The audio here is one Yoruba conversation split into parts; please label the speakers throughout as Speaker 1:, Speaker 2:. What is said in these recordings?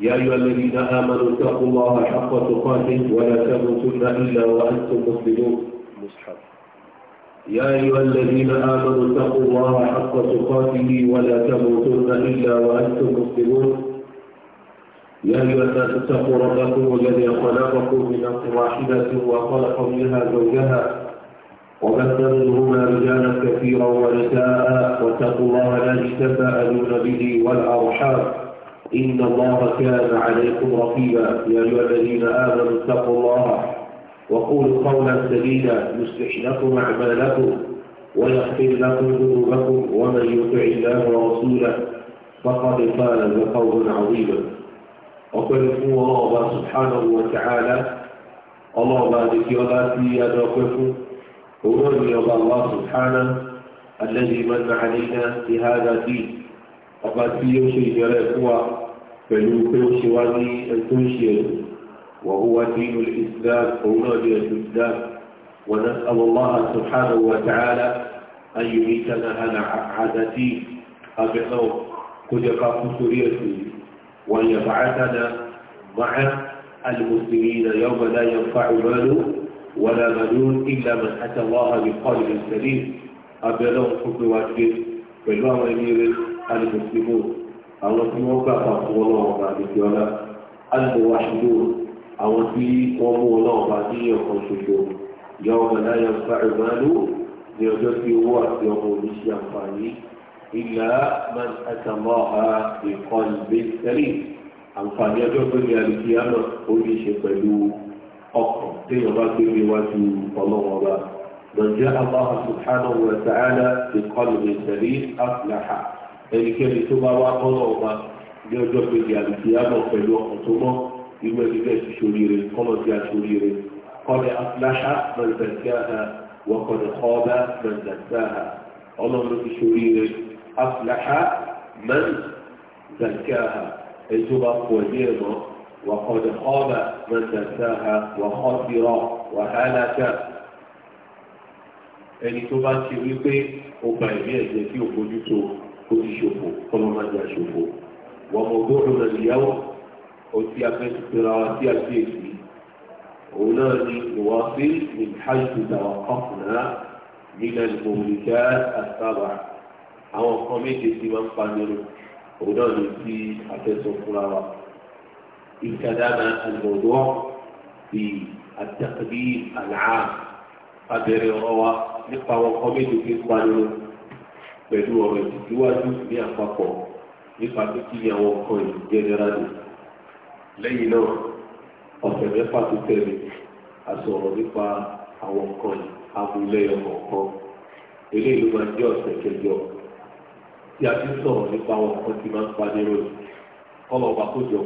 Speaker 1: يا أيها الذين آمنوا اتقوا الله حق تقاته ولا تموتن إلا وأنتم مسلمون مصحف يا أيها الذين آمنوا اتقوا الله حق تقاته ولا تموتن إلا وأنتم مسلمون يا أيها الناس اتقوا ربكم الذي خلقكم من نفس واحدة وخلق منها زوجها وبث منهما رجالا كثيرا ونساء واتقوا الله الذي تساءلون به والأرحام إن الله كان عليكم رقيبا يا أيها الذين آمنوا اتقوا الله وقولوا قولا سديدا يصلح لكم أعمالكم ويغفر لكم ذنوبكم ومن يطع الله ورسوله فقد فاز قولا عظيما وقل فهو الله سبحانه وتعالى الله بارك ولا في أدرككم ونرجو الله سبحانه الذي من علينا بهذا الدين وقد في يوشي جلاله pẹ̀lú pé ó وهو دين الإسلام هو دين الإسلام ونسأل الله سبحانه وتعالى أن يميتنا على عادتي أبنو كل قاف سوريتي وأن يبعثنا مع المسلمين يوم لا ينفع مال ولا مدون إلا من أتى الله بقلب سليم أبنو حب واجب بالله أمير المسلمون àwọn tí wọ́n gbà pa fún ọlọ́wọ́ bá àdìsí ọlá alùpùpù aṣojú àwọn tí wọ́n mú ọlọ́wọ́ bá ní ọ̀kan ṣoṣo ìyá ọmọ náà fa ìmọ̀lú ní ọjọ́ tí owó àti ọmọ oníṣẹ́ àǹfààní ìlà man àtàmọ́ ha ìkọlù bẹ́ẹ̀ àǹfààní ọjọ́ tó ní àdìsí àná ó ní ṣe pẹ̀lú ọkàn téèyàn bá gbé níwájú ọlọ́wọ́ bá. من جاء الله سبحانه وتعالى بقلب سليم أفلح ẹnikẹ́ni tó bá wá tọ́lọ̀ ọba ní ọjọ́ kejì àbìsí àbọ̀ pẹ̀lú ọkàn tó mọ́ irú ẹni bẹ́ẹ̀ ti ṣoríire kọ́lọ̀ ti aṣoríire kọ́lẹ̀ afúláṣá mẹ̀lẹ́dẹ́gbẹ́ha wọ́kọ̀dẹ̀ kọ́ọ́bá mẹ̀lẹ́dẹ́gbẹ́ha ọlọ́run ti ṣoríire afúláṣá mẹ̀lẹ́dẹ́gbẹ́ha ẹni tó bá pọ̀ ní ẹ̀mọ́ wọ́kọ̀dẹ̀ kọ́ọ́bá mẹ̀lẹ́dẹ́gbẹ́ha wọ́kọ̀dìrọ̀ wàhálàkà kó ti ṣòfò kọ́mọ má jẹ́ àṣòfò wọ́n mọ̀ gbọ́dọ̀ náà níyàwó ọtí afẹ́sẹ̀ra wa sí àkíyèsí òun náà ni ìwà sí ní hajj tàwa kọ́kùnrin nílẹ̀ ìmọ̀lẹ́kẹ́ àtàbà
Speaker 2: àwọn kan méje tí máa ń panirun
Speaker 1: òun náà ni tí afẹ́sọ̀ wa ìkàdánà àlùmọ̀dọ́ bí àtàkùnrin àlàá abẹ́rẹ́ ọ̀rọ̀ wa nípa àwọn kan méje tí ń panirun. pẹ̀lú ọ̀rọ̀ ìtìsíwájú ní àpapọ̀ nípa kíkí àwọn nǹkan ìlú lẹ́yìn náà ọ̀sẹ̀ mẹ́fà tó tẹ̀lé àsọ̀rọ̀ nípa àwọn nǹkan amúlẹ́yọ kọ̀ọ̀kan eléyìí ló máa jẹ́ ọ̀sẹ̀ kẹjọ tí a ti sọ̀rọ̀ nípa àwọn tí máa ń pa ọba kó jọ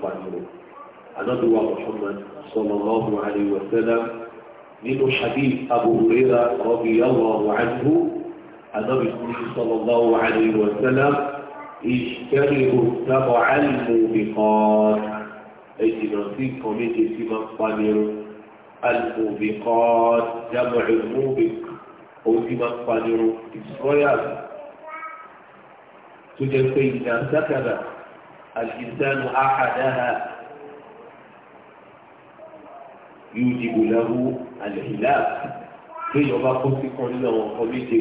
Speaker 1: kó anábíwá Muhammad sallallahu alaihi wa sallam nínú hadith Abu Hurairah radiyallahu anhu anábí sallallahu alaihi wa sallam ìṣẹ́rìrò sábọ̀ àìmọ̀ nìkan ẹ̀jìnà sí nǹkan méje tí máa ń panirun الموبقات جمع الموبق او فيما قالوا اسرائيل تجد فإذا سكب الإنسان أحدها yóò dìbò lẹ́hu àlẹ́hìlá kéèyàn bá kó sí kan nínú àwọn ọkọ méje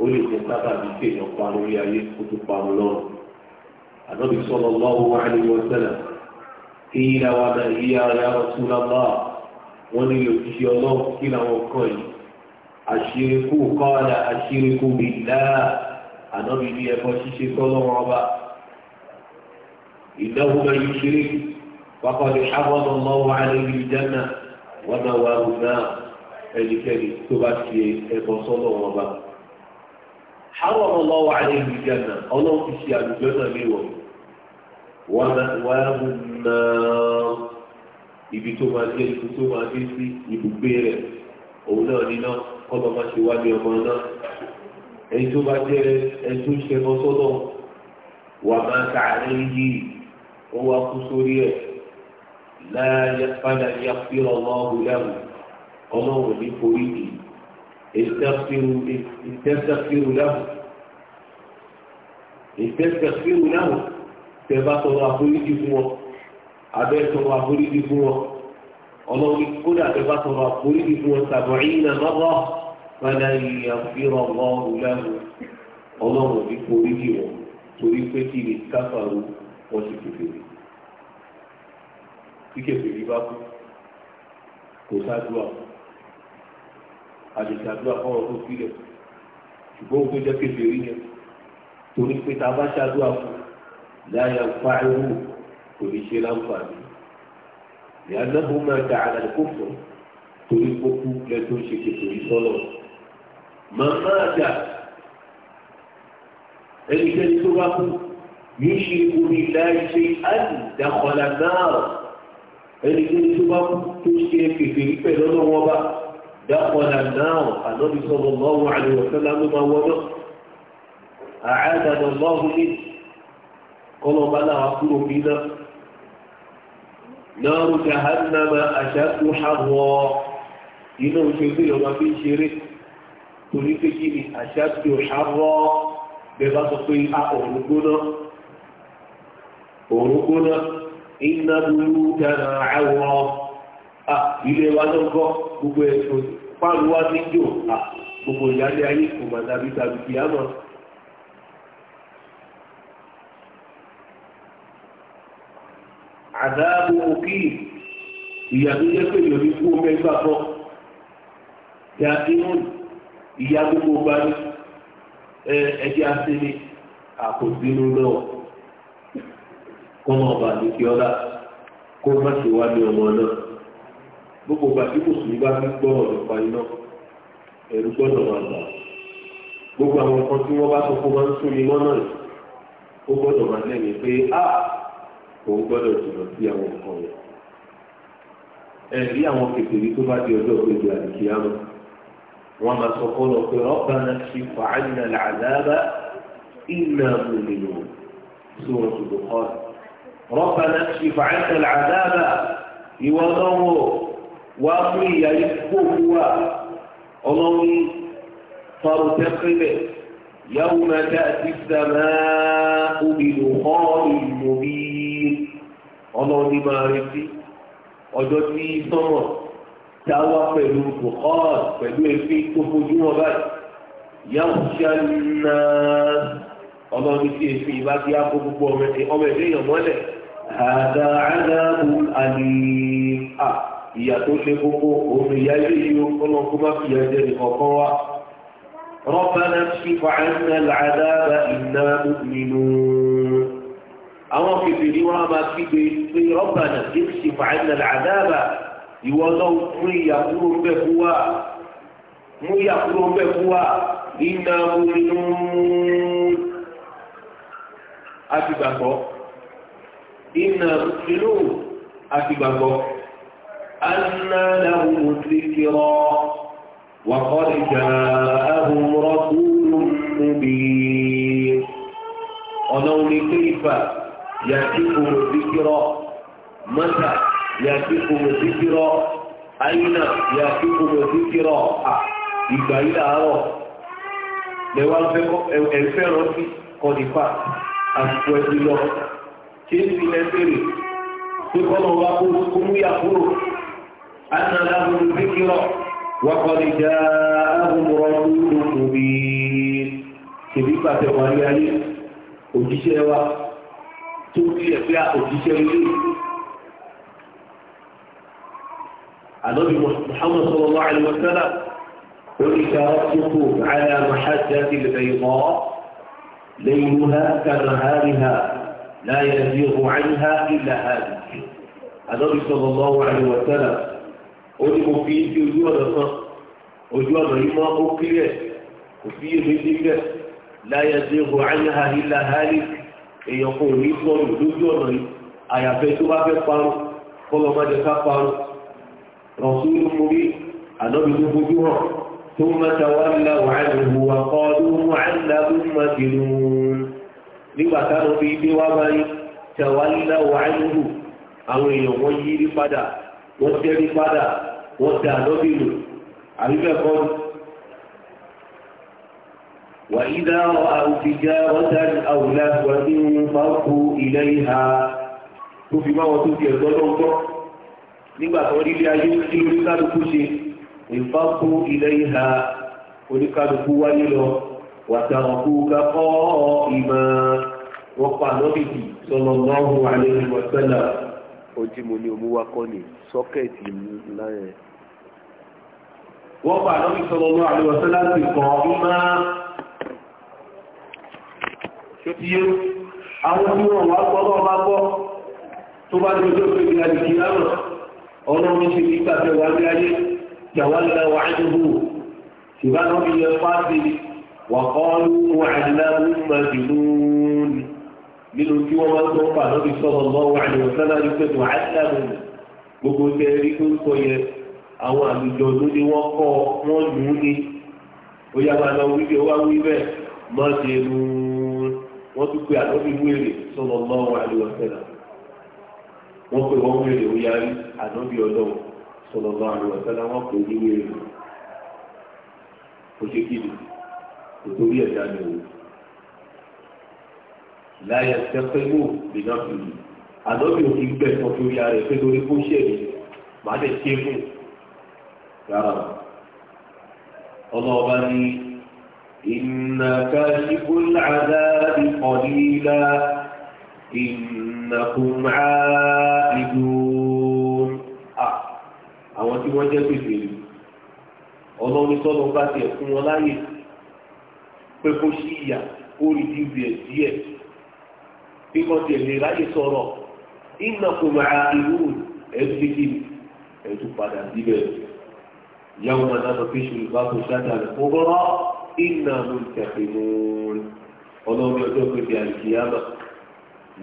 Speaker 1: ó lè jẹ sábà bíi kéèyàn parun orí ayé kó tó parun lọ́rùn. ànábi sọ̀rọ̀ lọ́wọ́ àlejò ọ̀sẹ̀lẹ̀ kí ìlà wa náà yí ara yàrá túnra wọn ní lè ọlọ́run kí làwọn kan yìí. àṣírí kú kọ́ọ̀dà àṣírí kú bìlá ní ẹ̀kọ́ ṣíṣe sọ́lọ́wọ́ ọba. ìdáhùn náà ṣeré pápá ni ṣàbọ̀dọ̀ lọ́wọ́ àlejò ìjánà wọ́n máa wá wù náà ẹnikẹ́ni tó bá ṣe ẹbọ sọ́nà wọn bá. àwọn ọmọ ọmọ wa ní ìlú jẹ́nà ọlọ́run ti ṣe àlùjọ náà ní wọ̀ wọ́n máa wù náà ibi tó máa dé ibi tó máa dé sí ibùgbé rẹ̀ òun náà níná kọ́nà máa ṣe wá ní ọmọ náà ẹni tó bá jẹ́ ẹni tó ṣe ẹbọ sọ́nà wà máa kà á yìí ó wá kú sórí ẹ̀ láyé padà yá fírọ̀ lọ́wọ́ lẹ́wọ̀ ọlọ́wọ́ ní foríjì ìtẹ́sẹ̀fíru lẹ́wọ̀ ìtẹ́sẹ̀fíru lẹ́wọ̀ tẹ́bá tọrọ àforíjì fún wọn abẹ́ tọrọ àforíjì fún wọn ọlọ́wọ́ ní kódà tẹ́bá tọrọ àforíjì fún wọn sàbọ̀nyínà lọ́wọ́ padà yá fírọ̀ lọ́wọ́ lẹ́wọ̀ ọlọ́wọ́ ní foríjì wọn torí pé kí ni káfàrú wọ́n ti fi fèrè tí kèfèrí bá kú kò ṣáàdúrà àdìsàdúrà fọwọ́ tó sílẹ̀ ṣùgbọ́n òun tó jẹ́ kèfèrí yẹn torí pé tá a bá ṣáàdúrà fún láyà fà áwù kò ní ṣe láǹfààní ìyànà fún máa dà àlà kó fọ torí kókú lẹ́tọ́ ṣe kèfèrí sọ́lọ̀ màmá àjà ẹnikẹ́ni tó bá kú yóò ṣe orí láì ṣe àdìdàkọ̀lá náà ẹni tó tó bá tó ṣe kèké pẹ̀ lọ́nà wọn bá dákọ̀ọ́nà náà ànábi sọ̀rọ̀ lọ́wọ́ àlùwọ̀sán lánà máa wọ́n náà àádàdà lọ́wọ́ ní kọ́lọ́ba náà kúrò bí náà náà rú jahannama àṣàkú hàwọ́ iná òṣèlú ìyọba fi ń ṣeré torí pé kí ni àṣàkú hàwọ́ bẹ́ẹ̀ bá sọ pé a òun gbóná òun gbóná. iná burú dára àwọ̀ ilé wa náà gbọ́ gbogbo ẹ̀sùn fáàlù wa ti jò gbogbo ìyáálé ayé kò mà dàbí tàbí kìámọ̀. àdáàbò òkè ìyàtò jẹ́ pé ìròyìn fún omi ẹgbà kan inú ìyá gbogbo gbani kọ́mọ ọba àdúgbò ọlá kó má ṣe wá ní ọmọ náà gbogbo ìgbà tí mùsùlùmí bá fi gbọ́rọ̀ nípa iná ẹ̀rú gbọ́dọ̀ máa gbà gbogbo àwọn kan tí wọ́n bá sọ fún máa ń sún iná náà ó gbọ́dọ̀ máa lẹ́yìn pé a òun gbọ́dọ̀ jùlọ sí àwọn nǹkan rẹ̀
Speaker 2: ẹ̀rí àwọn kékeré tó bá di ọjọ́ gbogbo àdìkíyàmọ́
Speaker 1: wọ́n máa sọ fún ọ pé rabbana kshif 'anna al-'adhaba inna mu'minun sóòrùn ṣùgbọ́n kọ́ọ̀tù ربنا اكشف عنك العذاب يوضعه واقي يكفوه الله فارتقب يوم تأتي السماء بدخان مبين الله ni máa retí ọjọ́ tí sọ́mọ̀ tá a wá pẹ̀lú bukhar pẹ̀lú efi tó fojú wọn báyìí yàwó ṣáná ọlọ́run tí efi ìbá ti á gbogbo ọmọ ẹ̀dẹ́yàn mọ́lẹ̀ àdá àdáàbù àní à ìyà tó ṣe kókó òun ìyá ilé yìí ọlọ́run bá fìyà jẹ nìkọ̀ọ̀kan wá ربنا اكشف عنا العذاب إنا مؤمنون àwọn kìfìrí wọn a máa kígbe pé ربنا اكشف عنا العذاب ìwọ náà fún ìyàkúrò ń bẹ̀ fún wa mú ìyàkúrò fún wa iná inú àti gbàgbọ́ anna lahum dhikra wa qad ja'ahum rasulun mubin ọ̀nà òní kéfà yàtí kòmò dhikra mọ́tà yàtí kòmò dhikra àyínà yàtí kòmò dhikra ìgbà yìí làárọ̀ lẹ́wọ́n fẹ́ràn sí kọ́dífà àti pẹ́ẹ́sì lọ́wọ́ kìí fi ilẹ̀ bèrè pé kọ́nà wa kó kúrú yà kúrò ana lahum zikra wa qad ja'ahum rasulun mubin kìbí pàṣẹ wọn rí ayé òjíṣẹ́ wa tó fi ẹ̀fẹ́ òjíṣẹ́ ilé àlọ́bí Muhammad sallallahu alaihi wa sallam ونشارككم على محجة البيضاء ليلها كنهارها لا يزيغ عنها إلا هذا النبي صلى الله عليه وسلم أولي مفيد يجوى نصر ojú ọ̀nà yìí mọ́ ó kílẹ̀ kò sí èmi níbẹ̀ láyé ṣe kò ánìhà ilà hálì èèyàn kò ní sọnù lójú ọ̀nà yìí àyàfẹ́ tó bá fẹ́ parun kọ́lọ́ má jẹ ká parun rọ̀sùn ló mú rí ànábi tó fojú hàn tó má ta wá nílà wàhálì ìhùwà kọ́ ló mú àìlà ló má dìrún nígbà táwọn fi dé wá bá yín tẹ̀wálílá wàhálùhù àwọn èèyàn wọ́n yí rí padà wọ́n tẹ́rí padà wọ́n dà lọ́bìnú àbíbẹ̀kọ́ wà ìdá àwùjìjà ọ̀tá àwùlá wà ní fàákù ilẹ̀ ìhà tó fi máwọn tó ti ẹ̀gbọ́n náà gbọ́ nígbà tó rí ayé tí oníkálukú ṣe ìfàákù ilẹ̀ ìhà oníkálukú wáyé lọ وتركوك قائما وقع نبي صلى الله عليه وسلم ojú mo ní omi wá kọ́ ni sọ́kẹ́ẹ̀tì láyé. wọ́n pa ànábì sallallahu alaihi wasallam ti kọ́ ọmọ ṣòtíyé àwọn tí wọ́n wá gbọ́ bá gbọ́ tó bá dojú pé bí adìgí lánà ọlọ́run ṣe nígbà tẹ ní ayé jàwálẹ̀ wàá dúró وقالوا علام مجنون nínú tí wọ́n máa ń tó ń pa lórí sọ́dọ̀ lọ́wọ́ àdìwọ̀sánà ní pé tó àdàmù gbogbo tẹ rí tó ń sọ yẹ àwọn àlùjọ ló ní wọ́n kọ́ wọ́n lù ú ní ó yá máa lọ wí pé wá wí bẹ́ẹ̀ má ṣe nù wọ́n tún pe àlọ́bí wéèrè sọ́dọ̀ lọ́wọ́ àdìwọ̀sánà wọ́n pe wọ́n wéèrè ó yá rí àlọ́bí ọlọ́wọ́ sọ́dọ̀ lọ́wọ́ àdìwọ̀sánà wọ́n pè é ní wéèrè kò torí ẹ̀dá ni o láyé ẹ̀sẹ̀pẹ̀wò lè náà fi yìí àdọ́bí òfin gbẹ̀sán torí ara ẹ̀ pé torí kó ṣe èyí màá lè ṣe fún rárá ọlọ́ọ̀bá ní ìnàkà ṣíkú làdá ìkọ̀lílá ìnàkùn àìdù àwọn tí wọ́n jẹ́ pèsè ọlọ́run sọ́dọ̀ bá tiẹ̀ fún wọn láyè pé kó ṣí ìyà kó rí dídì ẹ̀ díẹ̀ bí wọ́n ti lè ráyè sọ̀rọ̀ iná kò máa irú ẹ̀ẹ́dẹ́gbẹ̀kì ẹ̀dùn padà síbẹ̀ yàwó máa dáná fi ṣe ìgbà tó ṣáàtà rẹ̀ kó rọ́ iná ló ń tẹ̀pẹ̀ mọ́ọ́rẹ́ ọlọ́run ọjọ́ pé bí àìkíyàmà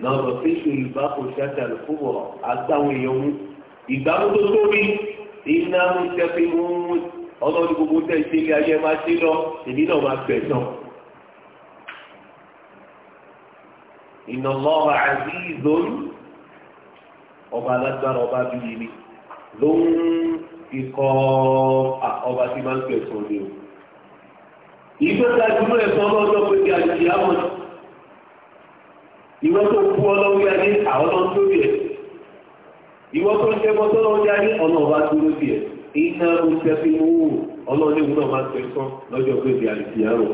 Speaker 1: náà lọ fi ṣe ìgbà tó ṣáàtà rẹ̀ kó rọ́ agbáwọn èèyàn mú ìgbàmú tó tóbi iná ló ń tẹ̀pẹ̀ ọlọ́run gbogbo tẹ̀ ṣe ilé ayé máa ṣe lọ èmi náà máa gbẹ̀sán. inna Allaha azizun ọba alágbára ọba bíi ni ló ń ikọ̀ ọba tí máa ń pẹ̀sùn ni o. ìgbésẹ̀ àdúgbò ẹ̀sán ọlọ́jọ́ pé kí àjèjì á mọ̀ ìwọ́n tó kú ọlọ́wí ayé àwọn ọlọ́run tó rí ẹ̀ ìwọ́n tó ń jẹ́ bọ́ tọ́lọ́run jẹ́ ayé ọ̀nà ọba tó rí ẹ̀ iná oúnjẹ fi mú ọlọ́run ní máa ń pẹ̀sán lọ́jọ́ pé kí àjèjì á mọ̀.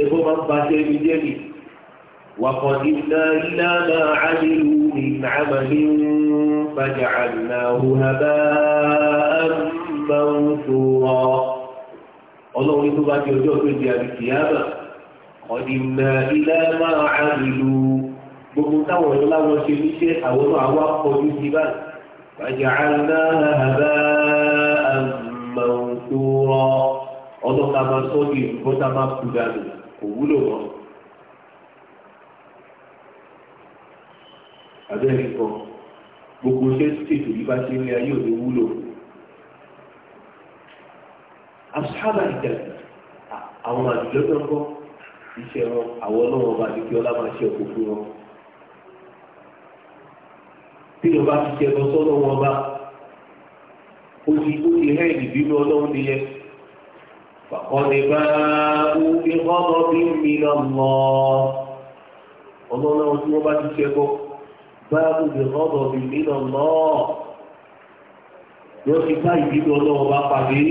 Speaker 1: èbó máa ń ba ṣe ibi jẹ́ mi. وقدمنا إلى ما عملوا من عمل فجعلناه هباء منثورا ọlọ́run tó bá di ọjọ́ tó di àbìkìyàmà ọ̀dìmọ̀ ilẹ̀ máa àmìlú gbogbo táwọn ọ̀dọ́ láwọn ṣe níṣẹ́ àwọn náà wá kọjú sí báyìí bàjẹ́ àná àbá àmọ̀ǹtò rọ ọlọ́ta máa sọ́ọ̀dì nǹkan tá a máa kú dànù kò wúlò mọ́. abẹ́rẹ́ kọ gbogbo ṣé tètè yìí bá ṣe ń lé ayé òde wúlò. asuhaba ìjàdù àwọn àdìjọ́jọ́ ń bọ́ iṣẹ́ wọn àwọn náà wọn bá di kí ọlá máa ṣe ọkọ̀ fún wọn. tí wọn bá ti ṣe ẹbọ sọ́dọ̀ wọn bá ó ti ó ti hẹ́ẹ̀dì bínú ọlọ́run nìyẹn. فقد باءوا بغضب من الله ọlọ́run àwọn tí wọ́n bá ti ṣe bọ́ báàbù bí ọ̀dọ̀ bí nínú náà yóò ti bá ìbínú ọlọ́run bá pàdé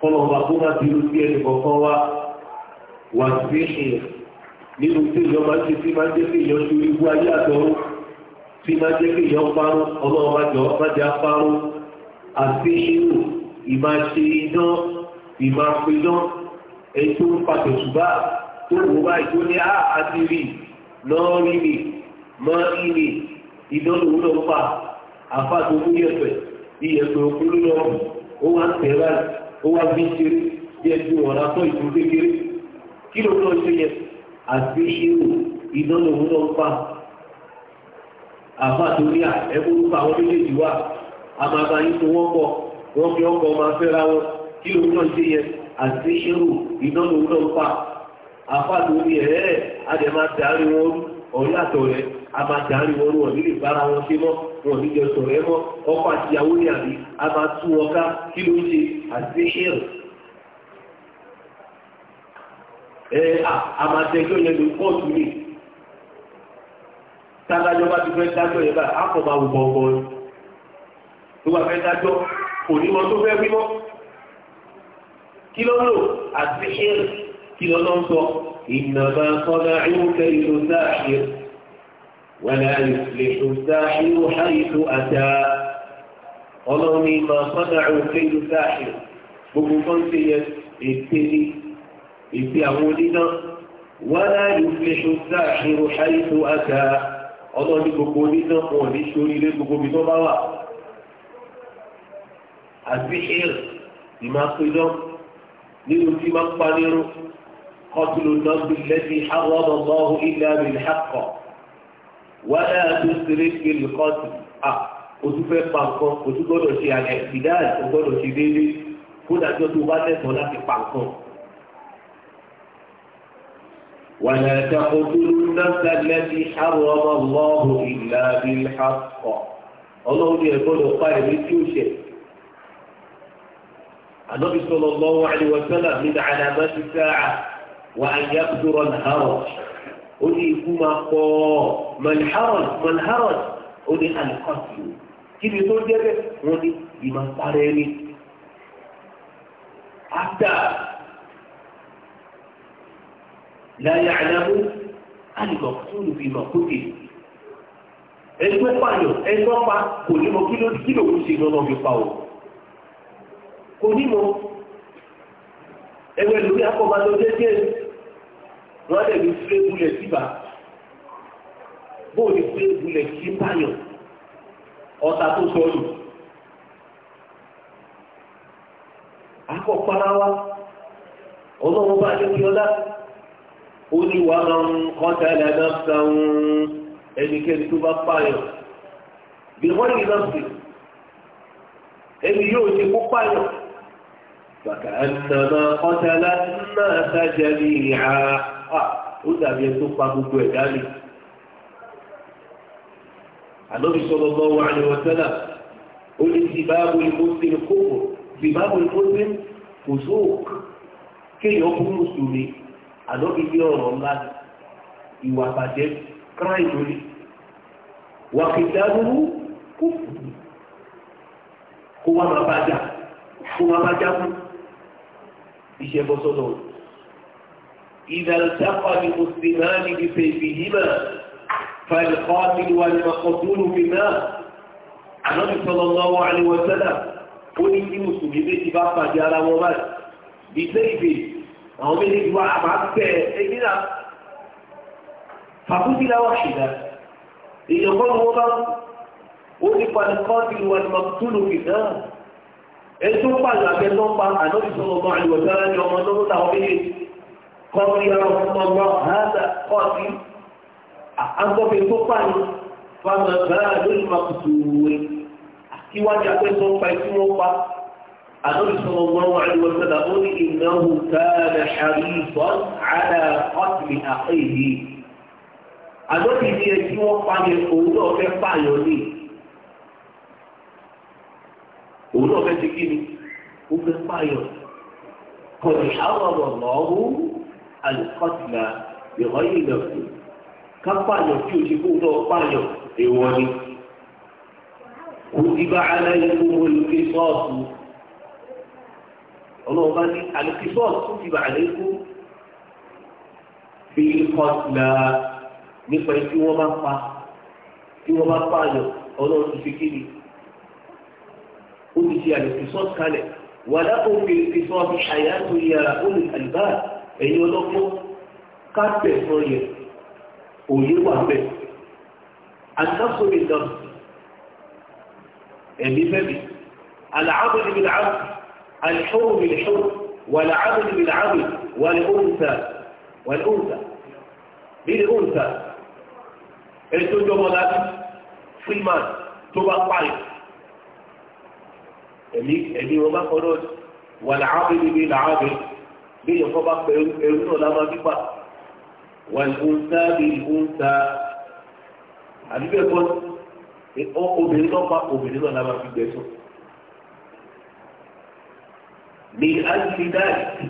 Speaker 1: kọ́lọ́run bá kó má bínú sí ẹnì kọ̀ọ̀kan wá wà sí ìṣìn nínú tí èèyàn máa ń ṣe tí máa ń jẹ́ kí èèyàn ṣe irú ayé àtọ́rún tí máa ń jẹ́ kí èèyàn parun ọlọ́run bá jọ bá jẹ́ apárun àti irú ìmáṣe idán ìmọ̀ àpéjọ́ ètò pàtẹ́sùbà tó wò báyìí tó ní àádìrí lọ́ọ̀rìnì mọ́ìnì ìdánwò ló fà àfa tó mú yẹ̀pẹ̀ iyẹ̀pẹ̀ òkú ló lọ́ọ̀rùn ó wá tẹ̀lá ó wá bí ṣeré bí ẹbí wọn atọ́ ìtú kékeré kí ló lọ́ọ́ ṣe yẹ àti ìṣirò ìdánwò ló fà àfa tó ní ẹ̀kọ́ ló fà àwọn méjèèjì wà àmàbáyé tó wọ́n kọ wọ́n fi ọkọ̀ máa fẹ́ra wọn tí o náà ṣe yẹ àti ṣerú ìdánwò náà fà àfàdé orí ẹ̀rẹ́ adẹ̀ máa darí wọn rú ọ̀rẹ́ àtọ̀rẹ́ a máa darí wọn rú ọ̀rẹ́ lè bára wọn ṣe mọ́ wọn ní jọ sọ̀rọ̀ ẹ mọ́ ọkọ̀ àti ìyàwó ní àbí a máa tú wọn kí ló ṣe àti ṣerú. ẹ a máa tẹjọ́ yẹn ló pọ̀ mi tágájọ́ bá ti fẹ́ dájọ́ yẹn báyìí á kọ̀ máa wù bọ̀ọ̀bọ̀ ni tó bá fẹ́ dájọ́ kò ní mọ tó fẹ́ wí mọ́ kí ló lò àti ṣẹ́rì kí ló lọ́n sọ ìnàbà kọ́lá ìwúkẹ́ ìlú sáàṣì wàlá ìlú sáàṣì wàhá ìlú àtà ọlọ́run ìmọ̀ kọ́lá ìwúkẹ́ ìlú sáàṣì gbogbo kan ṣe yẹ ète ní ète àwọn onídán wàlá ìlú sáàṣì wàhá ìlú àtà ọlọ́run gbogbo onídán kan ní sórí ilé gbogbo ibi tó bá wà àti ṣẹ́rì ìmọ̀ àpéjọ́ nínú tí máa ń panirú kọtùlù náà bí lẹ́sìn àwọn ọmọ ilé àmì ìhàkọ̀ wàhálà tó ṣeré pé lùkọ́tù à òtúfẹ́ pa nǹkan òtú gbọ́dọ̀ ṣe àlẹ́ ìdáàlì tó gbọ́dọ̀ ṣe déédéé kódà tó tó bá tẹ̀sán láti pa nǹkan. wàhálà tàkùtùlù náà sàlẹ́sì àwọn ọmọ ilé àmì ọlọ́run ni gbọ́dọ̀ pa ẹ̀mí tí ó ṣẹ̀ النبي صلى الله عليه وسلم من علامات الساعة وأن يكثر الهرج أني كما قال من الحرج من الهرج أني القتل كيف يقول جابر أني بما صارني حتى لا يعلم المقتول بما قتل ẹgbẹ́ pààyàn ẹgbẹ́ pa kò ní mọ kí ló kí lòun ṣe lọ́nà fi pa òun kò ní mọ̀ ẹgbẹ́ lórí akọ̀bàdọ̀ jẹ́jẹ́ wọ́n lè ní fúlé bulẹ̀ síbà bóòlù fúlé bulẹ̀ sí báyọ̀ ọ̀tà tó sọnù akọ̀para wa ọlọ́run bá lè fi ọlá ó ní wàá máa ń kọ́ta ẹ̀ lẹ́nà sáwọn ẹnikẹ́ni tó bá pààyàn bí wọ́n ní náà sí ẹni yóò ṣe kó pààyàn. فكأنما قتل الناس جميعا ó dàbí ẹ tó pa gbogbo ẹ̀ dálé ànábi sọ̀rọ̀ bọ́ wà ní ọ̀tẹ́là ó ní zimbabwe muslim kókò zimbabwe muslim kò sóòk kéèyàn kú mùsùlùmí ànábi ní ọ̀rọ̀ ńlá ìwà bàjẹ́ kíráì lórí wàkìdánú kókò kó wá máa bá jà kó wá máa já fún un iṣẹ́ bọ́ sọ́nà ìdàlùsáfà ni mùsùlùmáàni ní fèsì yìímà fàìlìkọ́ọ̀tì wà ní makọ̀túrù fìmá ànábì sọ̀rọ̀ náà wà ní wọn sẹ́nà ó ní kí mùsùlùmí méjì bá pàdé ara wọn báyìí ìfẹ́ ìfẹ́ àwọn méjèèjì wà àbá bẹ́ ẹgbẹ́ náà fàkútì láwà èèyàn kọ́ ni wọ́n bá ó ní fàìlìkọ́ọ̀tì wà ní makọ̀túrù fìmá ètò pàlọ́ àtẹ́tọ́ pa ànábì sọ̀rọ̀ mọ́ àlùwọ̀sára ní ọmọ lọ́wọ́ táwọn méjèèjì kọ́ọ̀tì ara fún ọgbà hàdà kọ́ọ̀tì àgbọ̀fẹ́ tó pàlọ́ fáwọn ọ̀gára lórí ma kùtù wé kíwájú àtẹ́tọ́ pa ẹtí wọ́n pa ànábì sọ̀rọ̀ mọ́ àlùwọ̀sára ó ní ìnáwó káàdà àríwọ̀ àdà ọ̀tìlì àkẹ́yìí ànábì ní ẹtí wọ́n pa ní òwúrọ̀ fẹ́ pààyàn ní òun náà fẹ́ ti kí ni ó fẹ́ pààyàn kọ̀dì àwọn ọ̀rọ̀ alùpàtìlà yọ̀ọ́ yìí lọ sí ká pààyàn tí o ti kó náà pààyàn èèwọ̀ ni. kùtìbà aláìkú olùkí sọ́ọ̀sì ọlọ́ọ̀bá ní àlùkí sọ́ọ̀sì kùtìbà aláìkú fi kọ́tìlà nípa tí wọ́n bá pa tí wọ́n bá pààyàn ọlọ́run ti kí ni ó ti ṣe àlùfíṣọ́ọ̀t kalẹ̀ wà lápòkè ìfíṣọ́ọ̀t àyàtò ya olùkàlùbá ẹ̀yìn ọlọ́pọ̀ kápẹ̀ sọ yẹ òye wà bẹ́ẹ̀ àtàkùnrin náà ẹ̀mí fẹ́mi àlàábùdì bìlà ábùdì àlìṣọ́rù bìlà ṣọ́rù wàlàábùdì bìlà ábùdì wàlìóǹtà wàlìóǹtà bìlìóǹtà ẹ̀ tó jọmọ́ láti freeman tó bá pààyàn ẹ̀mí ẹ̀mí wọn bá kọ́dọ̀ wà láàbẹ̀ níbi làábẹ̀ bí yẹn kọ́ bá pẹ̀ ẹrú náà lámà pípa wà ìhúnsá bí ìhúnsá àdúgbò ẹ̀kọ́ obìnrin náà bá obìnrin náà lámà pípẹ́ sùn. ní àdìsí dáàdì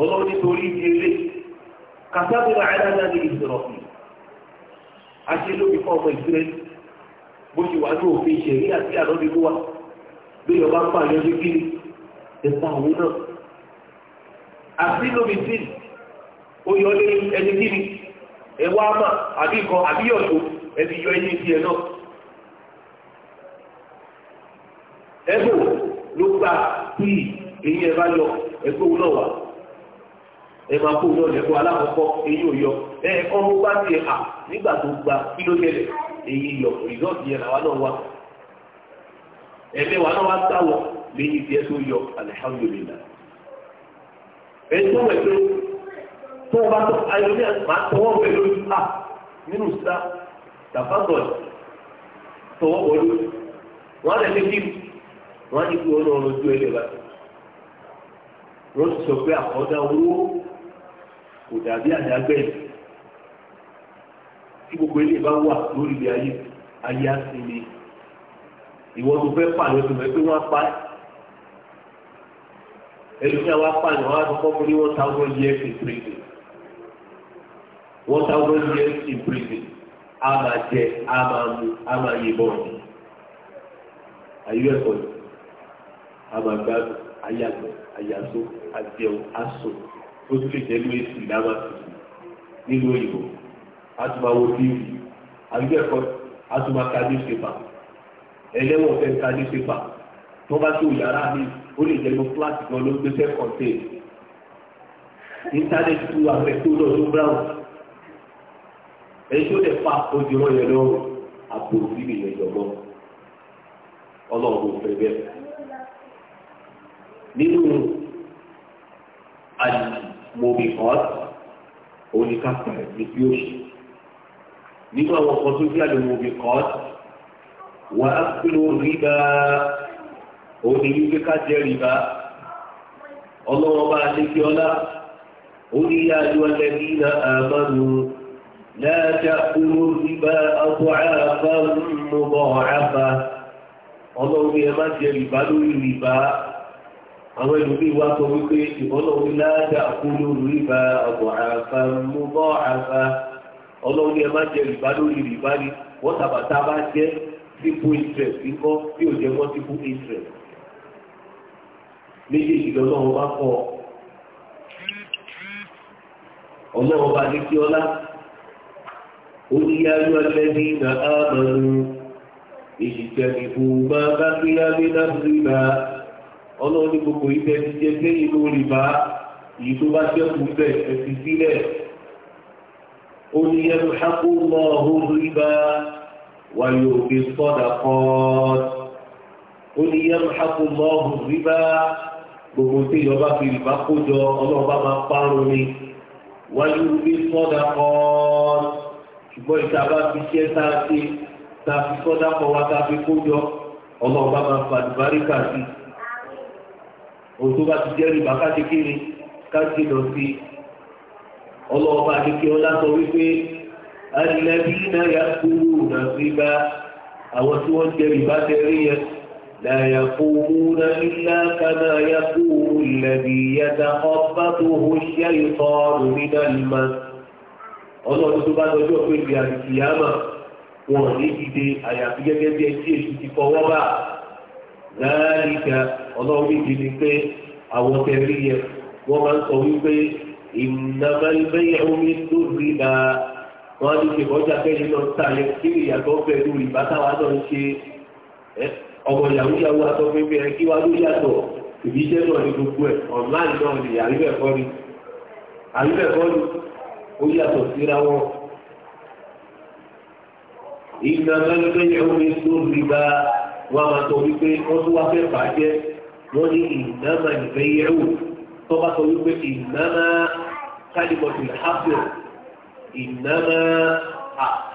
Speaker 1: ọlọ́run nítorí ti eré kàtàkùn àìdáná ní ìsọ̀rọ̀kì aṣèlú ìfọ̀ ọmọ ìsirẹ́lì bó ṣe wà ní òfin ìṣẹ̀rí àti àdọ́dẹ́gbọ́wà bí yorùbá pààyàn ní kí ẹ̀ka òun náà àti lómitin ó yọ ní ẹni kíni ẹwà àmà àbí ikọ̀ àbí yọ̀tò ẹbí yọ ẹni ìdí ẹ̀ náà ẹ̀bù ló gba píì èyí ẹ̀ bá yọ ẹ̀kọ́ òun náà wà ẹ máa kó lọ lẹ́kọ́ alákọ̀ọ́kọ́ èyí ò yọ ẹ ẹ̀kọ́ ló bá tiẹ̀ hà nígbà tó gba kí ló tẹ̀lé èyí yọ rìsọ́ọ̀tì yẹn làwa náà wà ẹlẹ́wàá náà wá sáwọ̀ lẹ́yìn tí ẹ tó yọ alihamdulilayi ẹtọ́ wẹ̀ tó o bá tọ́ ayọ̀ ní máa tọwọ́ wẹ̀ lórí a ah, nínú sá tàbátọ̀ tọwọ́ wọ̀ lórí wọn á lẹ́lẹ́ bí wọn á ní kí ọlọ́run ojú ẹlẹ́ bá wọ́n sọ pé àkọ́dá owó kò dàbí àdágbẹ́ tí gbogbo ilé bá wà lórí ilé ayé ayé á sinmi ìwọ tó fẹ́ pààyàn tó mẹ́ pé wọ́n á pa ẹ́ ẹlòmíà wá pààyàn wọ́n á tó kọ́ fún ní one thousand years in prison one thousand years in prison a máa jẹ a máa mu a máa yìnbọn ni ayé ẹ̀kọ́ ni a máa gbádùn ayàgbẹ́ ayàsó àjẹun asò ó tún lè jẹ́ lóye sí tuntun nílùú òyìnbó a tún máa wo fíìmù ayé ẹ̀kọ́ a tún máa ka newspaper ẹlẹ́wọ̀n fẹ́ ta ní pépà tó bá tó yàrá mi ó lè jẹ́ lọ fúláàtì kan ló gbé fẹ́ kọ̀ǹté íńtánẹ́ẹ̀tì tó wà fẹ́ tó lọ ló bráùn ẹjọ́ lè fa ojú wọn yẹn lọ́rùn àpò òfin ìyẹn jọ̀gbọ́n ọlọ́run ò fẹ́ bẹ́ẹ̀ nínú àlùmọ̀bìkọ́t oníkàpẹ̀ ní bí ó ṣe nínú àwọn kan tó fi àlùmọ̀bìkọ́t. wà á kúrò rìbá òní wípé ká jẹ rìbá ọlọ́wọ́ bá lékè ọlá òní yájú alẹ́bí na àmánu láàjà kúrò rìbá àbọ̀ àbá mọ̀bọ̀ àbá ọlọ́wọ́ bí má jẹ rìbá lórí rìbá àwọn ẹlòmíì wá sọ wípé ìbọ́lọ́wọ́ láàjà kúrò rìbá àbọ̀ àbá mọ̀bọ̀ àbá ọlọ́wọ́ bí má lórí ni wọ́n bá jẹ́ simple interest ńkọ́ tí ò jẹ́ multiple interest méjèèjì lọ́lọ́run bá kọ́ ọlọ́run bá ní kí ọlá ó ní yáyọ ẹlẹ́ni nà á mọ̀nù ìṣìṣẹ́nìbù máa bá kí lábẹ́ náà rìbá ọlọ́run ní gbogbo ibẹ̀ ti jẹ́ sẹ́yìn ló rìbá èyí tó bá jẹ́kù bẹ́ẹ̀ ẹ sílẹ̀ ó ní yẹnu ṣàkóso ọ̀hún rìbá. ويؤتي الصدقات قل يمحق الله الربا gbogbo tí ìjọba fi ìbá kójọ ọlọ́ọ̀bá máa parun ni wáyé orí sọ́dà kan ṣùgbọ́n ìta bá fi ṣe tá a ṣe tá a fi sọ́dà kan wá tá a fi kójọ ọlọ́ọ̀bá máa fa àdìbáríkà sí òun tó bá ti jẹ́ rìbá káṣe kí ni káṣe lọ sí ọlọ́ọ̀bá àdékè ọlá sọ wípé alẹ́bínà yakuru na riba àwọn tí wọ́n لا riba إلا كما la الذي illa الشيطان من alladhi yatakhabbathu ash-shaytanu minal mas ọlọ́run tó bá lọ́jọ́ pé ibi àdìsíyámà wọn ní dìde àyàfi gẹ́gẹ́ bí ẹtí èṣù ti fọwọ́ bá láàríkà ọlọ́run ìdí ni pé àwọn tẹ̀rí yẹn wọ́n máa ń sọ wípé innamal bay'u mithlu riba wọ́n ti ṣe bọ́jà kẹ́yìn lọ sí àyẹ kí ìyàtọ̀ pẹ̀lú ìbá táwa náà ń ṣe ọmọ yahoo yahoo atọ́fẹ́ bí ẹ kí wá ló yàtọ̀ ìbíṣẹ́ náà ní gbogbo ẹ̀ ọ̀nláìn náà ní àríwẹ̀kọ́ ni àríwẹ̀kọ́ ni ó yàtọ̀ síra wọn. ìgbà mẹ́rin yẹn omi tó rí bá wọn máa sọ wípé wọ́n tún wá fẹ́ bàjẹ́ wọ́n ní ìnáma ìfẹ́ yẹ̀wò tó bá sọ wípé ìnáma kálíbọ̀tì ìnáná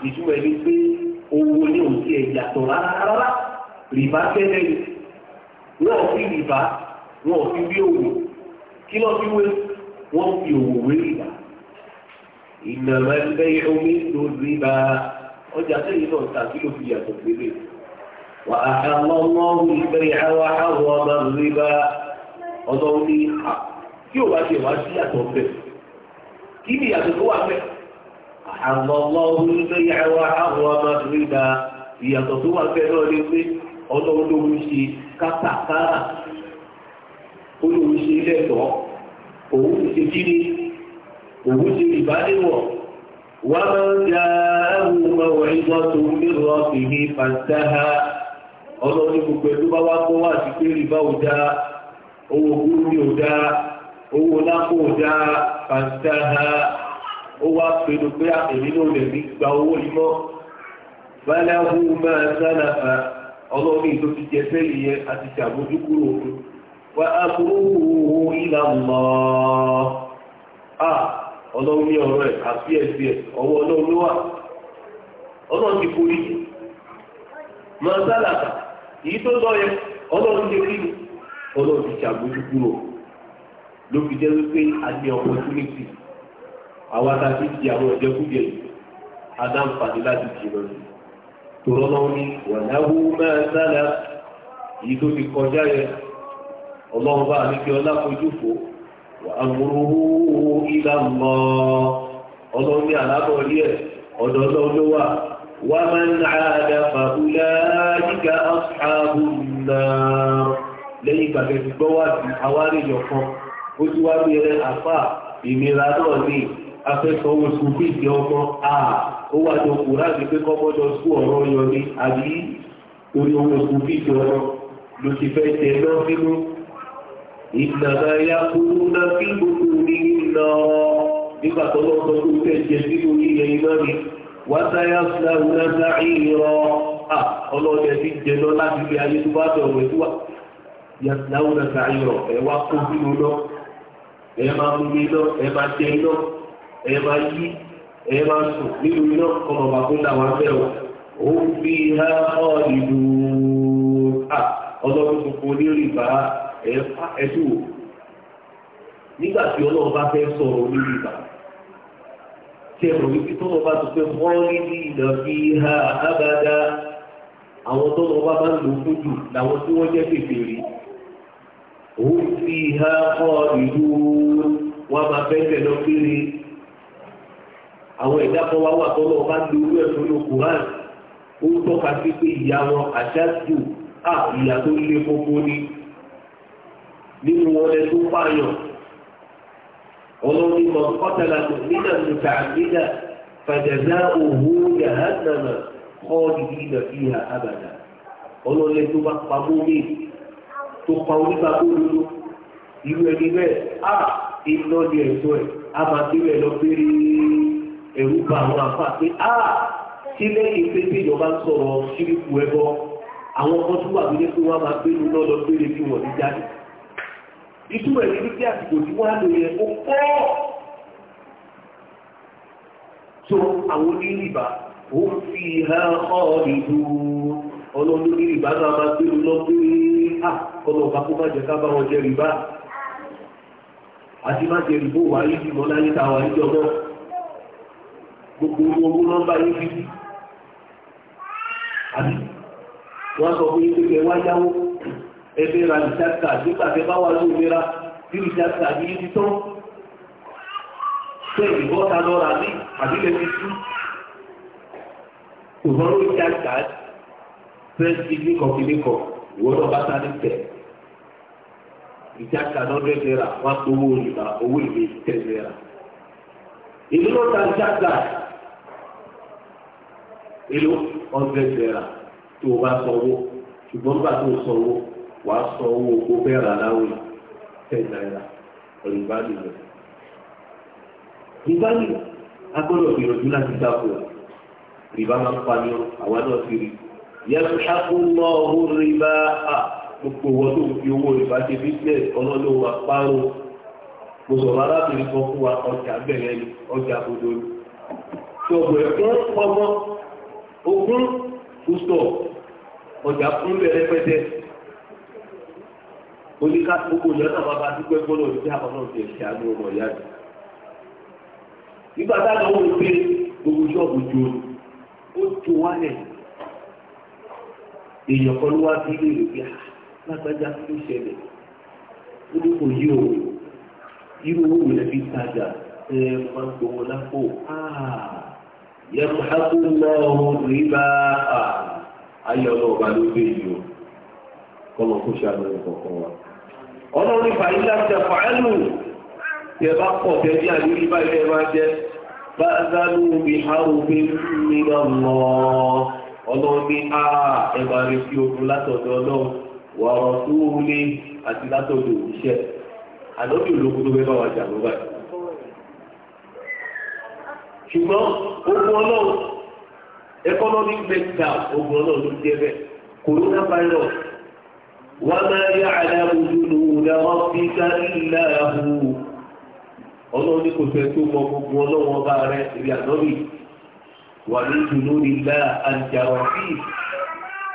Speaker 1: ìtumọ̀ ẹni pé owó ní òsì ẹ̀yà tó rárá rìbá tẹ́lẹ̀ ni wọ́n fi rìbá wọ́n fi wí òwò kí lọ́ fi wé wọ́n fi òwò wé rìbá ìnáná ẹgbẹ́ omi tó rìbá ọjà sẹ́yìn náà tàbí ló fi yàtọ̀ péré wà á ká lọ́wọ́ ìbẹ̀ ìhàwá àwọn ọmọ rìbá ọlọ́run ní ìhà tí bá ṣe wá sí yàtọ̀ bẹ̀ kí ni ìyàtọ̀ tó wà bẹ́ẹ̀. àgbọ̀nlọ́wọ́ ló n'ime wá àwọn ọmọ ma ìyàtọ̀ tó wà fẹ́ náà pé ọlọ́run ló ṣe kátàkárà ó ṣe lẹ́tọ̀ọ́ òun ṣe kíni òun ṣe ìbádéwọ̀ wọ́n máa ń ẹ̀hùn ọmọ tó ó wá pinnu pé èmi ló lè ní gba owó yìí mọ́ bẹ́lẹ̀ hu máa sára fa ọlọ́run ìlú ti jẹ sẹ́yìn yẹn àti fún ila Allah à ọlọ́run ní ọ̀rọ̀ ẹ̀ àfi ẹ̀sìn ẹ̀ ọwọ́ ọlọ́run ló wà ọlọ́run ti forí máa sára fa èyí a ní àwọn àtàkì ti àwọn ìjẹkújẹ adáǹfààní láti jìnnà sí tòrọ náà ní wàláwó máa sálà èyí tó ti kọjá yẹ ọlọ́run bá àmì kí ọlá fojú fò wà á múrú ilá mọ́ ọlọ́run ní àlábọ̀ rí ẹ̀ ọ̀dọ̀ ọlọ́run ló wà wà máa ń àádá fàbúlá yíga ọ̀sáàbùn náà lẹ́yìn ìgbàgbẹ́ ti gbọ́ àwárí ìjọ ó ti wá bí ẹ àfà ìnira náà ní afẹ́sọ̀ owó sùkú ìgbẹ́ ọmọ a ó wà ní ọkùnrin àti pé kọ́mọ́dọ̀ sùn ọ̀rọ̀ yọ ní àbí orí owó sùkú ìgbẹ́ ọmọ ló ti fẹ́ tẹ náà nínú ìgbàgbà ya kúrú náà kí gbogbo ní iná nígbà tó lọ sọ pé ó jẹ sínú ilẹ̀ iná ni wọ́n táyà síláwù náà sáì rọ à ọlọ́dẹ ti jẹ lọ láti fi ayé tó bá bẹ̀rù ẹ̀ tó wà yàtìláwù náà sáì rọ ẹ̀ wá kó sínú náà ẹ̀ máa mú mi náà ẹ̀ máa jẹ náà. E máa yí ẹ máa sùn nínú iná ọmọ bàbá ńlá bẹ́ẹ̀ o ó fi ha ọ́ ìlú ọlọ́run onírìn bá wò nígbà tí ọlọ́run bá fẹ́ sọ̀rọ̀ onírìn bá tí ẹ̀rọ wípé tọ́lọ́ ha abada àwọn tọ́lọ́ bá bá ń lò fún jù làwọn tí wọ́n jẹ́ ha ìlú wọn fẹ́ àwọn ẹ̀dá kan wá wà tọ́lọ́ bá lo owó ẹ̀ fún Qur'an ó tọ́ka sí pé ìyá wọn àṣàjù à ìyá tó lé kókó ní nínú wọn lẹ tó pààyàn ọlọ́run mọ̀ kọ́tàlá nínà nùtà nínà fàjàdá òhó jahannama kọ́ọ̀dì nínà fiha abada ọlọ́run lẹ tó bá pamọ́ mi tó pa onígbàgbọ́ lólo irú ẹni bẹ́ẹ̀ à iná ni ẹ̀tọ́ ẹ̀ a máa ti rẹ̀ lọ péré ẹ̀rú bá àwọn afá pé á ah, tí lẹ́yìn pé pé ìjọba ń sọ̀rọ̀ ṣíríkù ẹbọ àwọn ọkọ̀ tó wà nílé pé wọ́n máa gbé lu lọ́lọ́ péré bí wọ́n ti jáde. ìtumọ̀ ẹ̀rí ní kí àsìkò tí wọ́n á lò yẹ kó pọ̀ tó àwọn onírìbá ó ń fi ha ọ́ ìlú ọlọ́run onírìbá náà máa gbé lu lọ́ pé á ah, ọlọ́ọ̀bá kó má jẹ ká bá wọn jẹ rìbá àti má jẹ rìbó wáyé jùmọ̀ láyé táwa níjọ́ náà gbogbo owó nọ́mbà yín bí àbí wọ́n sọ fún yín pé wá yáwó ẹgbẹ́ ra ìṣàkà nígbà tẹ bá wà ní òmìnira bí ìṣàkà ní ibi tán tẹ ìbọ́ta lọ́ra ní àbílẹ̀ ti tú ìwọ́rọ̀ ìṣàkà fẹ́ẹ́sì níkọ̀kíníkọ̀ ìwọ́rọ̀ bá sáré tẹ̀ ìṣàkà lọ́dọ̀ ẹgbẹ́ ra wọ́n gbowó ìgbà owó ìgbé tẹ̀ ẹgbẹ́ ra ìlú lọ́ta ìṣàkà èlò ọ̀gbẹ́ bẹ̀rà tó o bá sanwó ṣùgbọ́n nígbà tó o sanwó wàá san owó owó bẹ́ẹ̀rà láwìn ten naira ọ̀rìnbá nìyẹn. ìgbà a gbọ́dọ̀ gbìyànjú láti dáko rìbá máa ń pani ọ́ àwa náà ti rí yẹn ṣáàkó mọ́ owó rìbá à gbogbo wọn tó fi owó rìbá ṣe bísíẹ̀sì ọlọ́lọ́wọ́ apárò mo sọ̀rọ̀ arábìnrin kan fún wa ọjà bẹ̀rẹ̀ ni ọjà gbogbo ni. ṣọ̀bù ẹ̀kọ́ pọ́nmọ́ ogún fúsọ ọjà fún bẹ̀rẹ̀ pẹ́tẹ́ oníká gbogbo ìyá náà bá bá dúpẹ́ gbọ́dọ̀ ní àwọn náà ti ẹ̀ṣẹ̀ àánú ọmọ ìyá rẹ̀ nígbà táwọn ọmọ ìgbé gbogbo ṣọ́ọ̀bù ju ó tó wálẹ̀ èèyàn kan ló wá sí ilé ìròyìn à ah, lágbájá ló ṣẹlẹ̀ ó ní kò yí òun irú owó rẹ̀ fi tajà ẹ̀ máa ń gbowó lápò áà. Ah, yẹmùhákù lọ́ọ̀hún rìbá à ayé ọlọ́ọ̀bá ló n'ofe yìí o kọ́mọ kó wa. ọlọ́run ìfà yìí láti ṣe ẹ̀lù tí ẹ bá pọ̀ tẹ́ bí àní rìbá ilé ẹ jẹ́ bá a dánú mi lọ ọlọ́run ní a ẹ ogun látọ̀dọ̀ ọlọ́run ọ̀rọ̀ tó ṣùgbọ́n ogun ọlọ́run economic breakdown ogun ọlọ́run ló jẹ́ bẹ́ẹ̀ coronavirus wọ́n máa yá aláàbòjú lòun làwọn fi sáré láàbù ọlọ́run ní kò fẹ́ tó mọ gbogbo ọlọ́run ọba rẹ ìrìn ànábì wà ní ìdùnnú nílá àjàwá sí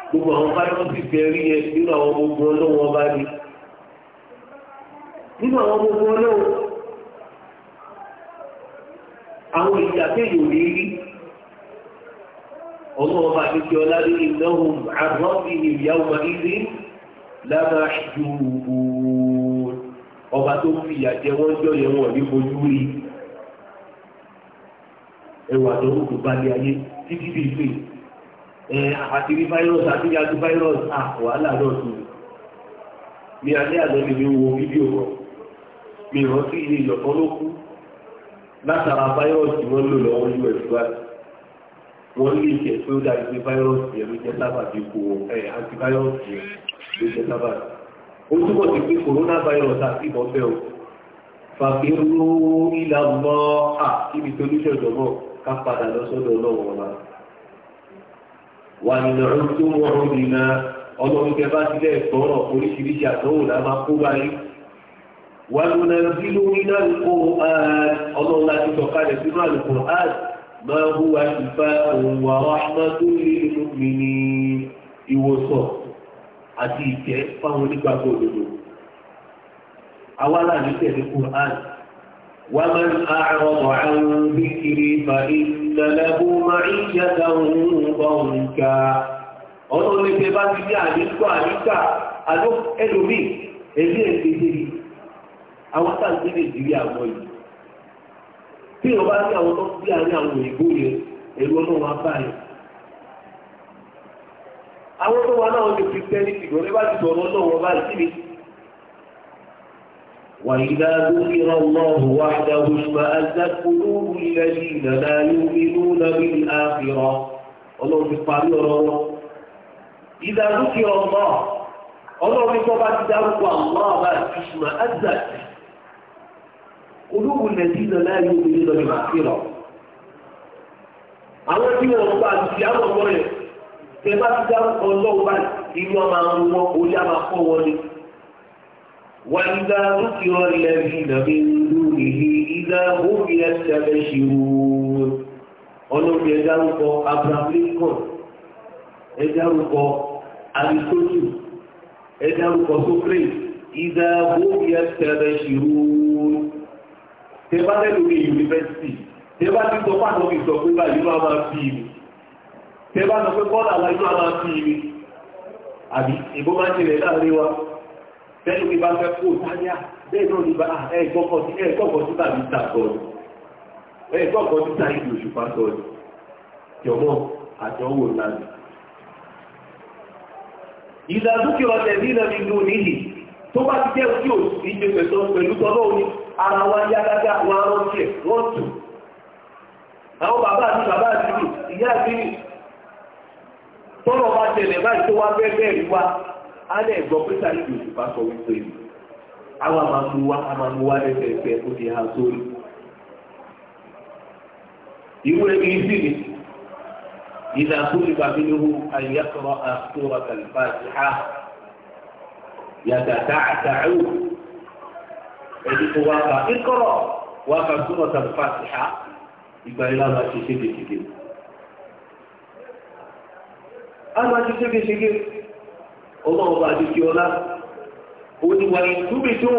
Speaker 1: gbogbo àwọn fáyọ́sì fẹ́ rí ẹ nínú àwọn gbogbo ọlọ́run ọba ni nínú àwọn gbogbo ọlọ́run àwọn ìyá kéèyàn rí rí ọmọ ọba àti ọlálẹ́ ìnáwó àrọ́bì ìyàwó ilé lábá ṣùgbọ́n ọba tó fi ìyà jẹ wọ́n jọ yẹn wọ̀ ní ojú rí ẹwà tó kò balẹ̀ ayé títí bí ìpè ẹ àti rí fáírọ́ọ̀sì àti yàtú fáírọ́ọ̀sì à wàhálà náà tó ní alẹ́ àná wo fídíò kan mi rántí ilé ìlọ̀kan ló kú látara fáírọ́ọ̀sì wọn lò lọ́wọ́ ní ẹ̀dùbá wọn lè jẹ́ pé ó dájú pé fáírọ́ọ̀sì yẹn ló jẹ́ sábà bí kò ẹ̀ antivirọ́ọ̀sì yẹn ló jẹ́ sábà ó túbọ̀ sí pé coronavirus àti ìbọn fẹ́ o fàfihàn ìlà mọ́ à kíbi tó lóṣọ̀ jọ̀mọ́ ká padà lọ sọ́dọ̀ ọlọ́wọ́ wa wà nínú ọdún tó wọ́n rọ́ọ̀dì náà ọlọ́run tẹ sílẹ̀ gbọ́rọ̀ وَنُنَزِّلُ مِنَ الْقُرْآنِ ọlọ́lá ti sọ̀kalẹ̀ sínú al-Qur'an ma huwa shifaa'un wa rahmatun lil-mu'minin ìwòsàn àti ìkẹ́ fáwọn onígbàgbọ́ òdodo. awálà ní tẹ̀lé bá ti dé àdínkù àdínkà àdó ẹlòmíì àwọn tá à ń gbé nàìjíríà wọ yìí tí ìwọ bá rí àwọn tó bí àárín àwọn òyìnbó yẹn ẹ̀rù ọlọ́run á bá yẹn àwọn tó wà náà ti fi tẹ́lẹ̀ tìgbọ́n ẹ bá ti sọ̀rọ̀ ọlọ́run ọba ìsìn mi. وإذا ذكر الله وحده اشمأزت قلوب الذين لا يؤمنون بالآخرة ọlọ́run ti parí ọ̀rọ̀ wọn. Ìdá lókè ọ̀gbọ́n ọlọ́run tó bá olóògùn nàìjíríà náà yóò fi lọ ìgbà kíra àwọn tí wọn bá ti àwọn ọmọ rẹ tẹ bá ti dá ọlọ́wọ́ bá inú ọmọ àwọn ọmọ orí àmà fọ́ wọn ni. وإذا ذكر الذين من دونه إذا هم يستبشرون ọlọ́run ẹ̀dá rúkọ Abraham Lincoln ẹ̀dá rúkọ Aristotle ẹ̀dá rúkọ Socrates إذا هم يستبشرون tẹ bá lẹ́nu ní yunifásitì tẹ bá ti sọ fáwọn òbí sọ pé báyìí máa máa fi mi tẹ bá sọ pé bọ́ọ̀lù àwọn ìlú máa fi mi àbí ìbò máa ń ṣẹlẹ̀ láàrin wa tẹ́lú ní bá fẹ́ kó táyà bẹ́ẹ̀ náà ní bá ẹ̀ẹ́gbọ́kọ̀ sí ẹ̀ẹ́gbọ́kọ̀ sí tàbí tàbọ̀ọ̀lù ẹ̀ẹ́gbọ́kọ̀ sí tàbí òṣùpá sọ̀rọ̀ jọ̀mọ́ àjọwò lánàá ìdàdúkìrọ̀ tẹ̀lé ìlànà ìlú níhì tó bá ara wa yá dáadáa wọn arán tiẹ̀ wọ́n tù àwọn bàbá àti bàbá àti mi ìyá àti mi tọ́lọ̀ bá tẹ̀lé báyìí tó wá bẹ́ẹ̀ bẹ́ẹ̀ rí wa á lẹ̀ gbọ́ pé sáré bá sọ wípé àwa máa mú wa a máa mú wa ó ẹni tó wá ka ìkọrọ wá ka súnmọ́ tàbí fàtìhà ìgbà yìí láwọn ti ṣe gègé. àwọn ti ṣe gègé ọmọ ọba àdìsí ọlá oníwà ìtúbi tó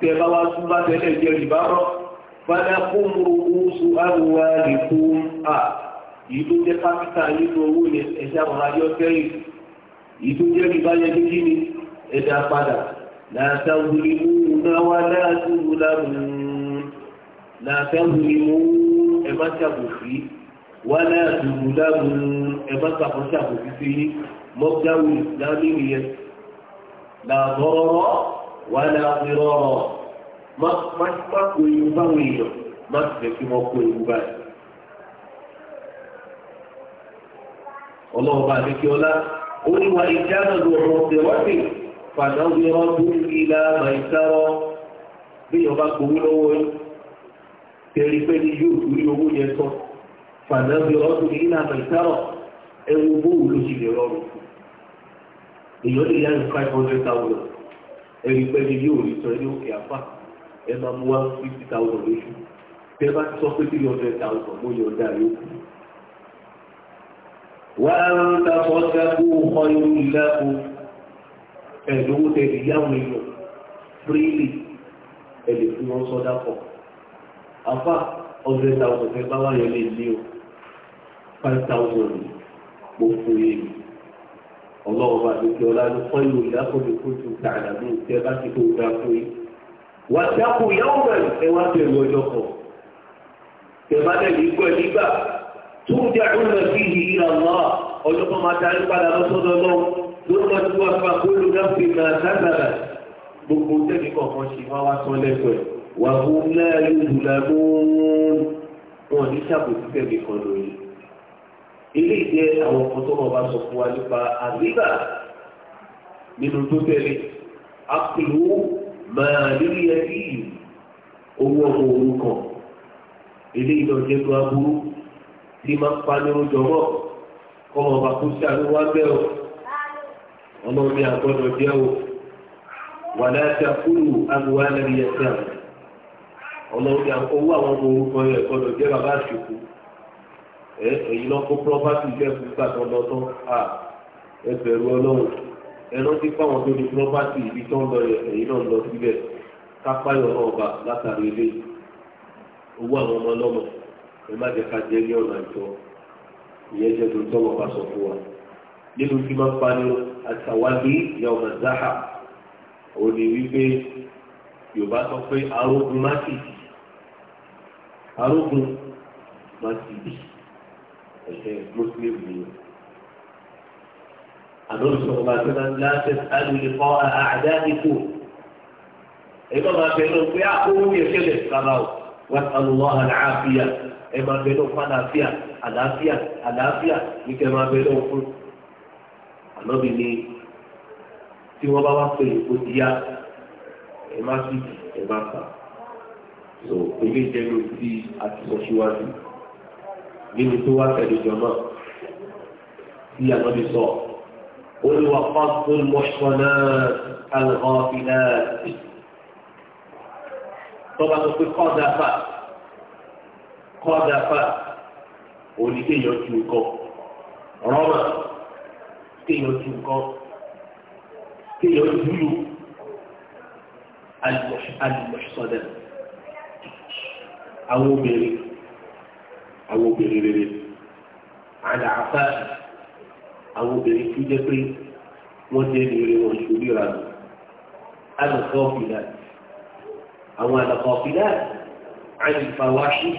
Speaker 1: tẹ̀ bá wá súnmọ́ tẹ́lẹ̀ jẹ́ ìbárọ̀ fada kúmùrù oṣù àrùwá lè fún a yìí tó jẹ́ nínú owó ni ẹ̀ṣẹ́ àwọn ayọ́ tẹ́yìn yìí tó jẹ́ ìbáyẹ̀ méjì ni ẹ̀dá padà لا تظلمون ولا تظلمون لا تظلمون ẹ má ṣàbòsí ولا تظلمون ẹ má ṣàbòsí sí mọ́gbáwù ìsìlámì nìyẹn لا ضرر ولا ضرار má kó ewu báwọn èèyàn má sì jẹ́ kí wọ́n kó ewu báyìí. ọlọ́run bá mi kí ọlá ó ní wa ìjánu lọ́rọ̀ ọ̀sẹ̀ wọ́pẹ̀ fàdáwìrọ́dù ilá màìsárọ́ bí ọba gbowó lọ́wọ́ yìí tẹ̀rí pé ní yóò tún rí owó yẹn tán fàdáwìrọ́dù ilá màìsárọ́ ẹwọ bóòwù ló ti lè rọrùn èèyàn lè yá ní five hundred thousand ẹ̀rí pé ní yóò rí tán ní òkè àfà ẹ máa mú one fifty thousand lóṣù tẹ́ bá sọ pé three hundred thousand mo yọ̀ ọ̀dà yòókù. wàá ń ta fọ́ṣẹ́ kó ọyún ìlẹ́kùn ẹ̀ẹ́dówó tẹ̀lé yáwọn èèyàn fírílì ẹ̀lẹ́ fún wọn sọ́dá pọ̀ afá ọ̀dẹ́ tàwọn ẹ̀ bá wáyọ̀ lè ní o five thousand mo fún yé mi ọlọ́run bá dúkìá ọlá ló kọ́ ìlú ìdákọ̀dé kó tún tààdà ní ìtẹ́ bá ti tó gbà fún yín wà á dákú yáwó rẹ̀ ẹ wá bẹ̀rù ọjọ́ kan tẹ̀bá lẹ̀ nígbà nígbà tó ń jẹ́ àdúrà sí ìhìhì àmọ́ ọjọ́ kan máa darí padà lọ́sọ́dọ̀ lọ́wọ́ lọ́wọ́ tí wọ́n fa kólú náfẹ́ máa sábàbà gbogbo tẹ́lí kọ̀ọ̀kan ṣe wá wá sọ lẹ́sọ̀ ẹ̀ wà fún láàyè ìdùnnà mún wọn ní sàbòsí tẹ́lí kan lóye. ilé ìjẹ́ àwọn kan tó wọn bá sọ fún wa nípa àbíbà nínú tó tẹ̀lé àpèlú máa nílé ẹbí owó ọmọ orúkọ ilé ìdọ̀jẹ́ tó aburú tí máa ń pa nínú jọ̀wọ́ kọ́mọba kó sí ọlọ́run ní agbọ́dọ̀ jẹ́ o wà láti àkúrò agbóhá lẹ́nu yẹn sí àwọn ọlọ́run owó àwọn ọmọ orúkọ yẹn gbọ́dọ̀ jẹ́ bàbá àṣekú ẹ èyí lọ kó pírọ́pátì lẹ́kùn nígbà tó lọ tán à ẹ bẹ̀rù tó ní pírọ́pátì ibi tó ń lọ yẹn náà lọ síbẹ̀ kápáyọ̀ ọba nínú tí máa ń pani àtàwádìí ìyá ọmọ záhà òun ni wípé yorùbá sọ pé arógun má sì bì arógun má sì bì ẹ̀ṣẹ̀ muslim ni ah, o. àdóòlù sọ̀rọ̀ bá tẹ́lá ń láṣẹ alùpùpù kọ́ àdá ikú èyí máa máa bẹ̀rẹ̀ pé àkówó yẹn ṣẹlẹ̀ sára o wọ́n ti alùpùpù àlàáfíà ẹ̀ máa bẹ̀rẹ̀ fún àlàáfíà àlàáfíà àlàáfíà ní kẹ́ máa bẹ̀rẹ̀ fún ànábì ni tí wọ́n bá wá pé epo ti yá ẹ má sì ẹ má fà so ilé jẹnu tí a ti sọ síwájú nínú tó wá tẹ̀lé jọ náà tí ànábì sọ ó ní wà fásitì mọ́ṣọ́ náà àlùkò ìlà tọ́ba tó pé kọ́ da fà kọ́ da fà òní kéèyàn ju nǹkan rọ́mà kéèyàn ju nǹkan kéèyàn dúró alùpùpùsọ̀dẹ̀ àwọn obìnrin àwọn obìnrin rere àdàáfà àwọn obìnrin tó jẹ́ pé wọ́n jẹ́ rere wọn ṣòrí ra nù alùpùpọ̀ fìlà àwọn àlùpùpọ̀ fìlà àyùfàwáṣí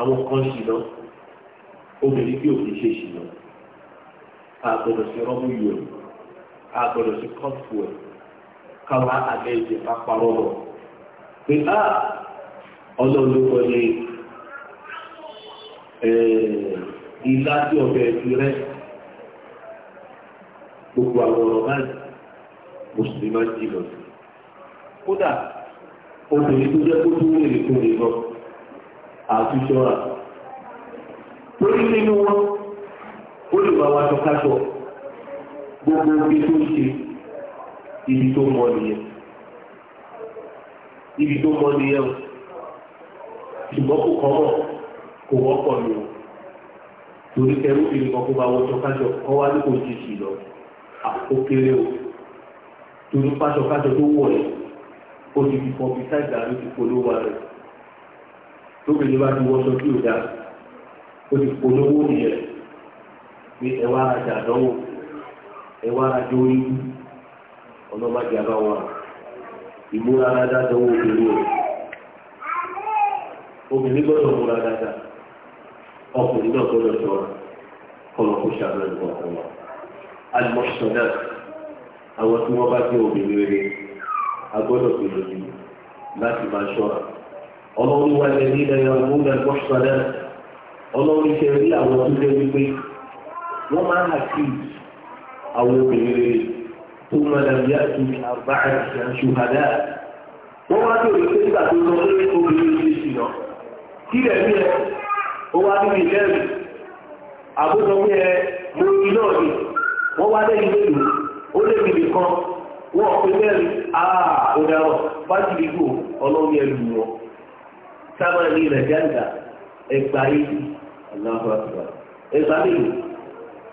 Speaker 1: àwọn kan ṣìnà obìnrin tí ò fi ṣe ṣìnà àgbọ̀dọ̀ sí rọ́bù yìí o àgbọ̀dọ̀ sí kọ́ọ̀tù ẹ̀ káwa àgbẹ̀ ìjẹ̀ bá parọ́ lọ. pé á ọlọ́run kọ́ ni ìlà tí ọbẹ̀ ti rẹ́ gbogbo àwọn ọ̀rọ̀ báyìí mùsùlùmí máa ń jí lọ sí. kódà obìnrin tó jẹ́ kó tó wúlò nìkan àtúnṣọ́ra. torí nínú wọn ó lè máa wáṣọ káṣọ gbogbo ibi tó ń ṣe ibi tó mọ nìyẹn ibi tó mọ nìyẹn o ṣùgbọ́n kò kọ́ mọ̀ kò wọ́pọ̀ ni o torí ẹrú ìlú kan kó bá wọ́ṣọ káṣọ kọ́ wá ní kò ṣe ṣì lọ àkókò kéré o torí fáṣọ káṣọ tó wọ̀ ẹ́ ó ti fi pọ̀ bí sáìdà ló ti polówó rẹ̀ lóbìnrin bá ti wọ́ṣọ tí ò dáa ó ti polówó nìyẹn. pé ẹwà arajà ẹwà arajà orí ọlọ́mọdé àbáwọ̀ ìmúra arajà àdánwò obìnrin o obìnrin gbọ́dọ̀ múra dáadáa ọkùnrin náà gbọ́dọ̀ ṣọ́ra kọlọ̀ kó ṣàbẹ̀ ẹ̀kọ́ ọ̀hún wa tí bá obìnrin láti máa wa àwọn tó wọ́n máa hà sí àwọn obìnrin tó máa dàbí àti àbá àti àṣùhàdá. wọ́n wá tó lè pé nígbà tó lọ sí obìnrin ṣe ṣìnà kí rẹ̀ ní ẹ ó wá ní ìlẹ́rì àbúrò ní ẹ mo ní náà ni wọ́n wá lẹ́yìn mélòó ó lè fi nìkan wọ́n pe mẹ́rin àà ọ̀daràn fájìlígbò ọlọ́run ẹlù wọn sáwọn ní ilẹ̀ jáǹdà ẹgbàá yìí aláwọ̀ àgbà ẹgbàá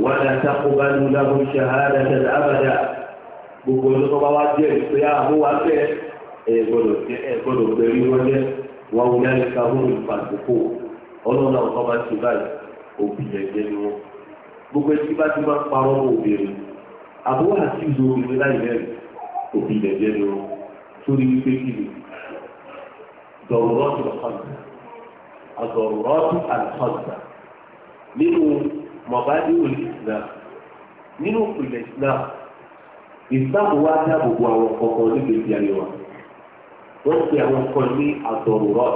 Speaker 1: ولا تقبل له شهادة أبدا بقول قواجه يا هو أبدا gbọ́dọ̀ pẹ̀lú wọlé wọn wọlé ìkàwọn ìfàdùkú ọlọ́nà ọba ti báyìí òbí ẹ̀jẹ̀ ni wọn. gbogbo ẹtí bá ti máa ń parọ́ mọ́ obìnrin àbúrò àti ìlú obìnrin láì òbí ni wọn. sórí wípé kí ni nínú mọ̀bádé òní islam nínú ìpìlẹ̀ islam islam wá bo àwọn kọ̀ọ̀kan nígbèsí ayé wa wọ́n pe àwọn kan ní àtọ̀rọ̀rọ̀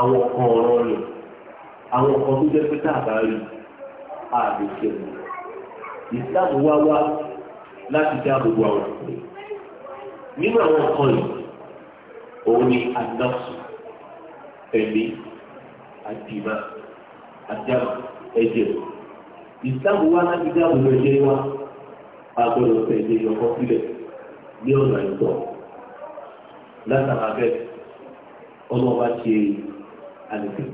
Speaker 1: àwọn kan ọ̀rọ̀ rẹ̀ àwọn kan tó jẹ́ pé tá a bá rí a lè ṣe islam wá wá láti dáàbò bo àwọn kan nínú àwọn kan yìí òun ni ẹ̀mí àdìmá àdìmá ìsáàbù wa láti dáàbò bò ẹ̀jẹ̀ wa agbọ́dọ̀ tẹ̀lé ọkọ̀ sílẹ̀ ní ọ̀nà ìtọ̀ látara bẹ́ẹ̀ ọlọ́ba ṣe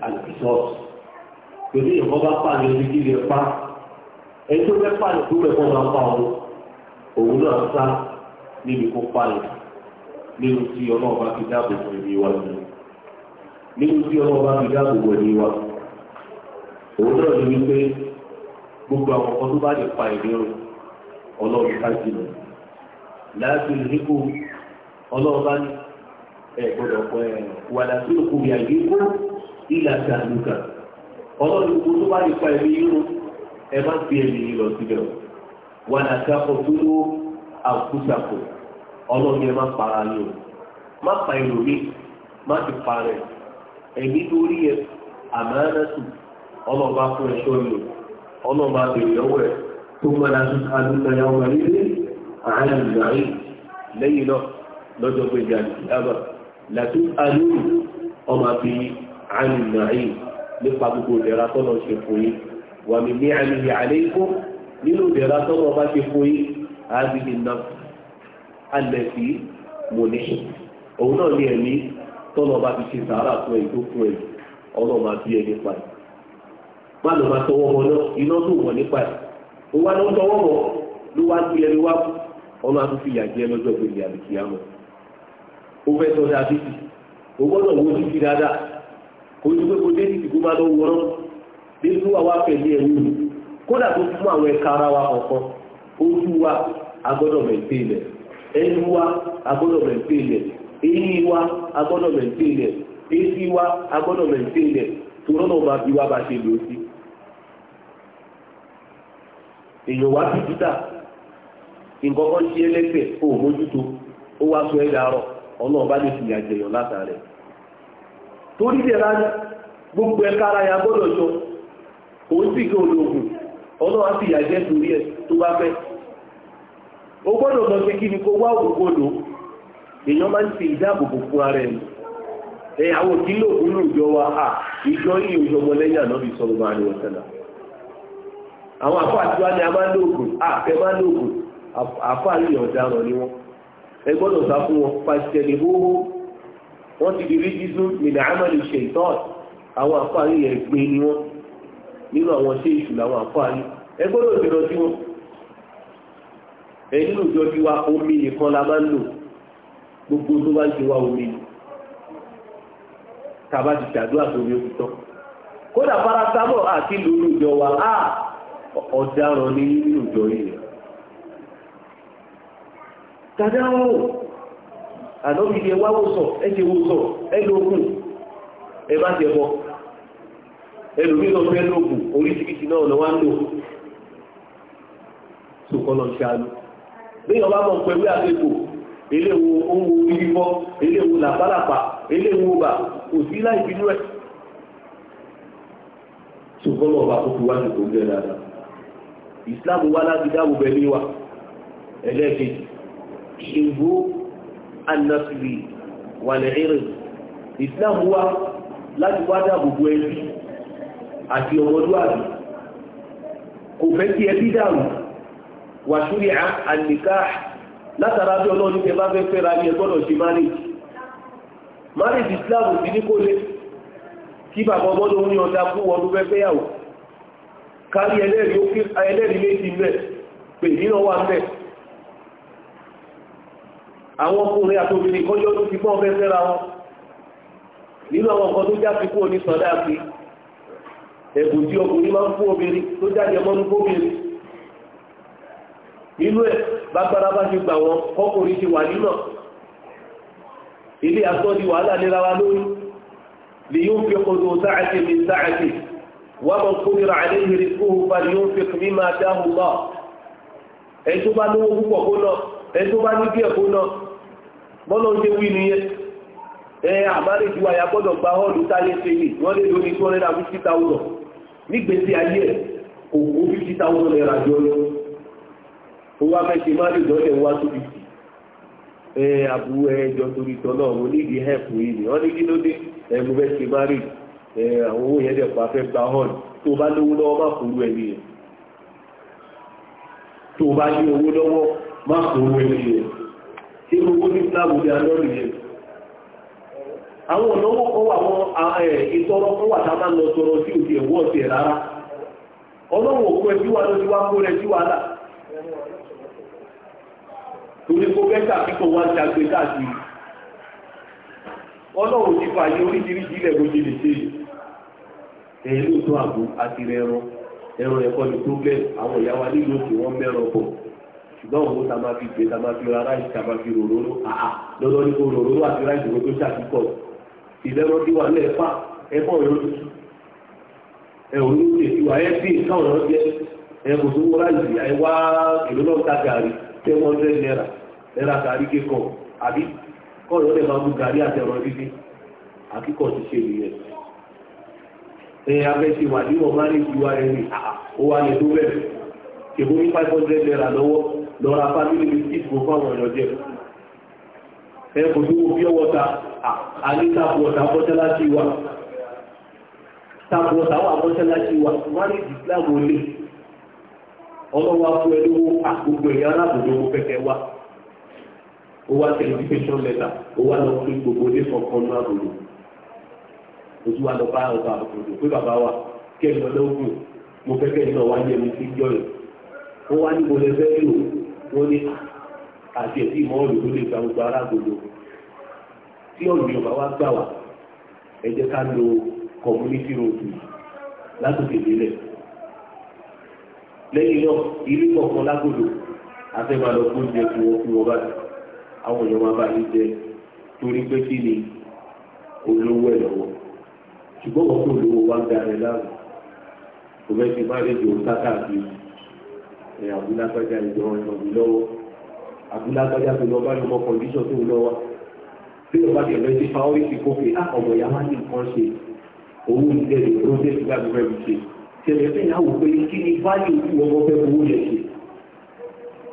Speaker 1: àlùfíṣọ́ọ̀sì pẹ̀lú ìyẹn wọ́n bá pààyàn ní kí lè pa ẹni tó fẹ́ pààyàn tó rẹ̀ kọ́ máa pa òun òun náà sá níbi kó pààyàn nínú tí ọlọ́ọ̀bá fi dáàbò bò ẹ̀mí wa nínú tí ọlọ́ọ̀bá fi dáàbò bò ẹ̀mí wa òun náà ní wípé gbogbo àwọn ọkọ tó bá lè pa ìlú ọlọ́run kájí lọ láti ìlú ọlọ́run bá ní ẹ gbọ́dọ̀ pọ̀ ẹ wà láti òkú ìyá ìlú ìlà tí a lù kà ọlọ́run gbogbo tó bá lè pa ìlú yìí ẹ má fi ẹ̀yìn lọ síbẹ̀ wà láti àkọ́tún ló àkúsàkó ọlọ́run ẹ má para yìí o má pa ìlú mi má ti pa rẹ̀ ẹ̀mí lórí ẹ̀ àmọ́ ẹ̀ náà tù ọlọ́run bá fún ẹ̀ṣọ́ yìí ọlọ́ba bèrè lọ́wọ́ ẹ̀ tó mọ́ra alúgbà yà ọmọ nílé àárín ìgbàrí lẹ́yìn náà lọ́jọ́ pé ìjà ìyábà làtú alúrù ọmọ bí àárín ìgbàrí nípa gbogbo ìdẹ̀ra tọ́lọ̀ ṣe fún yín wà mí ní àmì àlẹ́ ikú nínú ìdẹ̀ra tọ́lọ̀ bá ṣe fún yín àbíbi náà alẹ́ sí mo òun náà ní ẹ̀mí tọ́lọ̀ bá fi ṣe sàárà fún ẹ̀ tó fún ẹ̀ ọlọ́ọ̀ má lọ máa tọwọ́ bọ náà iná tó wọ̀ nípa wá ló ló wá ọmọ àtúntì yàjẹ́ lọ́jọ́ gbèlè àbíkí àmọ́ ó fẹ́ sọ dáa títì ó gbọ́dọ̀ wo títì dáadáa kò ní pé dé títì kó má lọ wọ́n dé tó wà wá kódà tó fún àwọn ara wa kọ̀ọ̀kan ojú wa agbọ́dọ̀ mẹ̀tẹ́ ẹnu wa èèyàn wá bìkítà nǹkan kan ṣe o mójútó ó wá sọ ẹ́ dàrọ̀ ọlọ́run bá lè torí gbogbo ẹ̀ka ara ya gbọ́dọ̀ jọ òun sì kí olóògùn ọlọ́run á torí ẹ̀ tó bá fẹ́ o gbọ́dọ̀ lọ sí kí ni kó wá ara wa ìjọ yìí àwọn àfọ àti wá ní a máa ń lo oògùn àfẹ máa ń lo oògùn àríyàn ọ̀daràn ni wọn ẹ gbọ́dọ̀ sá fún wọn pàṣẹlẹ̀ hóhó wọ́n ti di rígísú nínú àmàlì ṣe ìtọ́ọ̀ àwọn àfọ àríyàn ẹgbẹ́ ni wọn nínú àwọn ṣé ìṣù làwọn àfọ àrí ẹ gbọ́dọ̀ ti lọ sí wọn ẹ nínú bí wa omi nìkan la máa ń lò gbogbo tó bá ń ṣe wa omi ni tàbá ti ṣàdúrà tó ní òkútọ́ kódà paracetamol àti lòlù ìjọ wa áà ọ̀daràn ní nínú ìjọ yìí tàdáwò àlọ́bìnrin ẹwà wòsàn ẹjẹ wòsàn ẹlòògùn ẹbá jẹbọ ẹlòmíràn fẹ́ lògùn oríṣiríṣi náà lọ wá ń lò sùkọ́lọ̀ ṣáàlú léyìn ọba mọ̀ pẹ̀lú àgbègbò eléwo owó ìrìbọ eléwo làpálàpà eléwo bà kò sí láì bínú ẹ̀ sùkọ́lọ̀ ọba kò fi wá ṣùkọ́ ń jẹ dáadáa islam wá láti dáàbò bẹ̀mí wa ẹlẹ́ẹ̀kejì ṣègbó anasiri wà lẹ́rìn islam wá láti wá dáàbò bo ẹbí àti ọmọdúàbí kò fẹ́ kí ẹbí dàrú wà ṣúrí àníká látara bí ọlọ́run tẹ bá fẹ́ fẹ́ra ní ẹgbọ́dọ̀ ṣe marriage marriage islam ti ní kó lé kí bàbá ọmọdé ń yan ọ̀dà fún ọdún fẹ́ fẹ́yàwó kárí ẹlẹ́rìí méjì mẹ́ pè nínú wà mẹ́ àwọn ọkùnrin àtòbìnrin kan yọ́ ti pọ́ mẹ́fẹ́ ra wọn nínú àwọn nǹkan tó já sí kúrò ní sọ̀dá sí ẹ̀bùn tí ọkùnrin máa ń fún obìnrin tó jáde mọ́nú fóbìnrin inú ẹ̀ bágbára bá ti gbà wọn kọkùnrin ti wà nínà ilé asọ́ di wàhálà nira lórí lè yóò fi ọkọ̀ tó sáàtì ومن قدر عليه رزقه فلينفق مما آتاه الله ẹni tó bá lówó púpọ̀ kó náà ẹni tó bá ní díẹ̀ kó náà bọ́lá ń ṣe wí nìyẹn ẹ àmàlejò àyà gbọ́dọ̀ gba ọ́ọ̀lù táyé ṣe wọ́n lè lórí two hundred and fifty thousand nígbèsè ayé ẹ̀ kò kó fifty thousand naira jọ lọ owó afẹ́ṣe má lè lọ́lẹ̀ wá tó fifty ẹ àbúrò ẹ jọ torí tọ́ náà mo ní àwọn owó yẹn dẹ̀pọ̀ afẹ́ gba hàn tó bá lówó lọ́wọ́ má kúrú ẹni e. tó bá ní owó lọ́wọ́ má kúrú ẹni yẹn tí owó ní sáàbù ní alọ́rì yẹn àwọn ọ̀nàwó kan wà wọn ìtọrọ kan wà tá máa lọ sí òkè ẹ̀wọ́ ọ̀sẹ̀ rárá òkú ti ẹ̀yìn ló tó àbò àti ẹran ẹran ẹ̀kọ́ ni problem àwọn ìyá wa nílò tí wọ́n mẹ́ràn bọ̀ ṣùgbọ́n òun ta máa fi gbé ta máa fi ra ráìsì ta máa fi ròróró àhà lọ́dọ́ ní kò ròróró àti ráìsì ló tó ṣàkíkọ̀ ìlẹ́rọ̀ tí wà ní ẹ̀fà ẹ̀fọ́ ìlú tuntun ẹ̀hún ló lè fi wà ẹ́ bí káwọn ọ̀rọ̀ jẹ́ ẹ̀hún tó wọ́n ráìsì àìwá ìlú náà ta gàrí tẹ́ wọ́n rẹ́ náírà náírà gàrí kékọ̀ọ́ àbí kọ́ọ̀rọ̀ lè máa mú gàrí àtẹ̀rọ̀ dídí àkíkọ̀ ti ṣe nìyẹn abẹ́sí wà ní ọmọ ní ìwà rẹ̀ ní àwà ní tó bẹ̀rẹ̀ ìbò ní 500 naira lọ́wọ́ lọ́ra family biscuit kò fáwọn ọ̀yọ́ jẹ́ ẹkù tó bí ọwọ́ ta àní tàbùọ̀tà mọ́ṣáláṣí wa tàbùọ̀tà wà mọ́ṣáláṣí wa marriage Islam ò lè ọlọ́wọ́ fún ẹlówó àgbogbo ẹ̀yà alábòdó pẹ̀kẹ́ wa ó wá tẹlifíṣọ́n lẹ́tà ó wá lọ fún gbogbo ní kọ̀ọ̀kan náà ojú wa lọ bá ọba òdò pé bàbá wa kẹ́mi ọlọ́gùn mo fẹ́ kẹ́mi náà wá yẹ mi sí jọyọ̀ ó wá ní mo lè fẹ́ lò wọ́n ní àti ẹ̀sí ìmọ̀ọ́lù tó lè gba gbogbo ará gbogbo tí ọ̀nà ìjọba wa gbà wá ẹ jẹ́ ká lo community road látòkè délẹ̀ lẹ́yìn náà ilé kọ̀ọ̀kan lágbòdo afẹ́bàá lọ fún oúnjẹ fún wọn fún wọn báyìí àwọn èèyàn máa bá yín jẹ torí pé kí ni olówó ẹ̀ lọ́wọ́ ṣùgbọ́n wọ́n tó lówó wá ń darí láàrú kò fẹ́ ti má lè jò sákàbí ẹ̀ abúlágbájá ìjọ ìràn mí lọ́wọ́ abúlágbájá tó lọ bá lọ́mọ kọ̀ndíṣọ̀ tó lọ wá bí wọ́n bá tẹ̀lé sí fáwọ́rìsì kó fi á ah, ọmọ ìyá má ní nǹkan ṣe owó ìdílé rẹ̀ ló dé ìgbà mi fẹ́ mi ṣe tẹ̀lé fẹ́ yà wò pé kí ni fáyọ̀ ojú ọmọ fẹ́ owó yẹn ṣe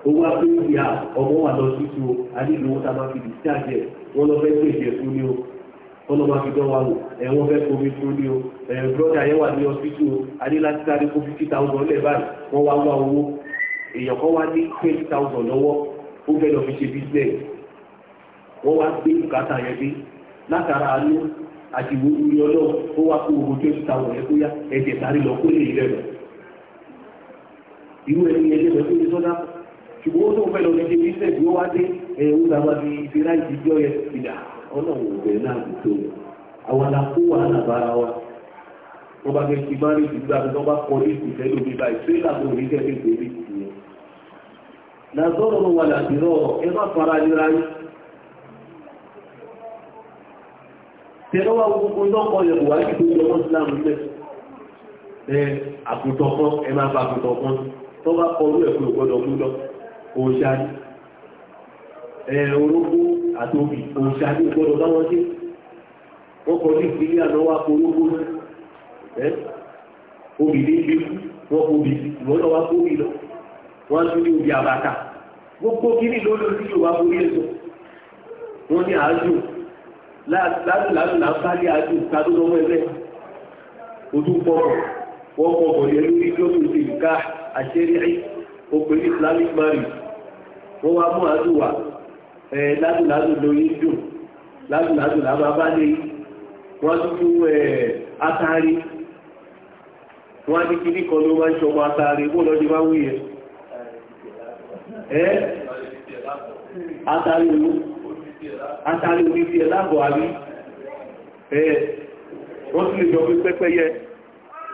Speaker 1: owó apẹ́yìí ọmọ wà lọ sí tu adílówó tá a máa fi dì sí àjẹ wọ́n lọ fẹ́ pèsè fún ni o kọ́nà máa fi dán wa wò ẹ̀wọ́n fẹ́ komi fún ní o ẹ̀rùn brọ́dà yẹn wà ní ọsítù o adé láti sáré kó fifty thousand lẹ̀ báyìí wọ́n wá wá owó èèyàn kan wá ní twenty thousand lọ́wọ́ ó fẹ́ lọ fi ṣe business wọ́n wá gbé bùkátà yẹn dé látara àánú àti ìwúrú ní ọlọ́run ó wá kó owó twenty thousand yẹn tó yá ẹ̀jẹ̀ sáré lọ kó lè rẹ̀ lọ. irú ẹni yẹn lè lọ sí ní sọ́dá ṣùgbọ́n ó tó fẹ́ lọ fi ṣe business ló wá dé ẹ̀ ọlọ́run ìbẹ̀rẹ̀ náà ti tó àwọn alákó wà lábára wa wọ́n bá fẹ́ fi márì ìgbà tó bá kọ́ ní ìfẹ́ lómi báyìí tó ìlà tó ní tẹ́lẹ̀ tó ní ìyẹn. làzọ́rọ̀ wà làbírọ̀ ẹ má fara nira yín. tẹ́lọ́wà gbogbo lọ́kọ̀ yẹ̀ wà ní gbogbo ọmọ ìsìlámù ilẹ̀ ẹ àkùtọ̀kan ẹ máa bá àkùtọ̀kan tó bá kọrú ẹ̀kú ìgbọ́dọ̀ gbọ́dọ̀ òṣà ẹ orógún àtòbí òṣà ní ìgbọ́dọ̀ báwọn ṣe wọ́n kọ ní ìpínlẹ̀ àná wá polówó ẹ́ obì ní ibi kú wọ́n kọ obì sí ìwọ́n náà wá kó obì lọ wọ́n tún ní obì àbàtà gbogbo kíní lórí orí Yorùbá borí èso wọ́n ní àájò láàrín láàrín láàbálí àájò tàbí ọmọ ẹgbẹ́ ojú pọ̀pọ̀ wọ́n pọ̀pọ̀ yẹ lórí lórí òṣè nǹka àṣẹ́rí ó pè ní Islamic marriage wọ́n wá mú àájò ládùládù lórí jù ládùládù lábábá lè wọ́n tútù àtàrí wọ́n ní kí ní kan ló wá ń ṣọmọ àtàrí ó lọ́dí wá wúyẹ ẹ́ àtàrí olú àtàrí orí ti ẹ̀lábọ̀ àrí ẹ́ wọ́n tún lè jọ pé pẹ́pẹ́yẹ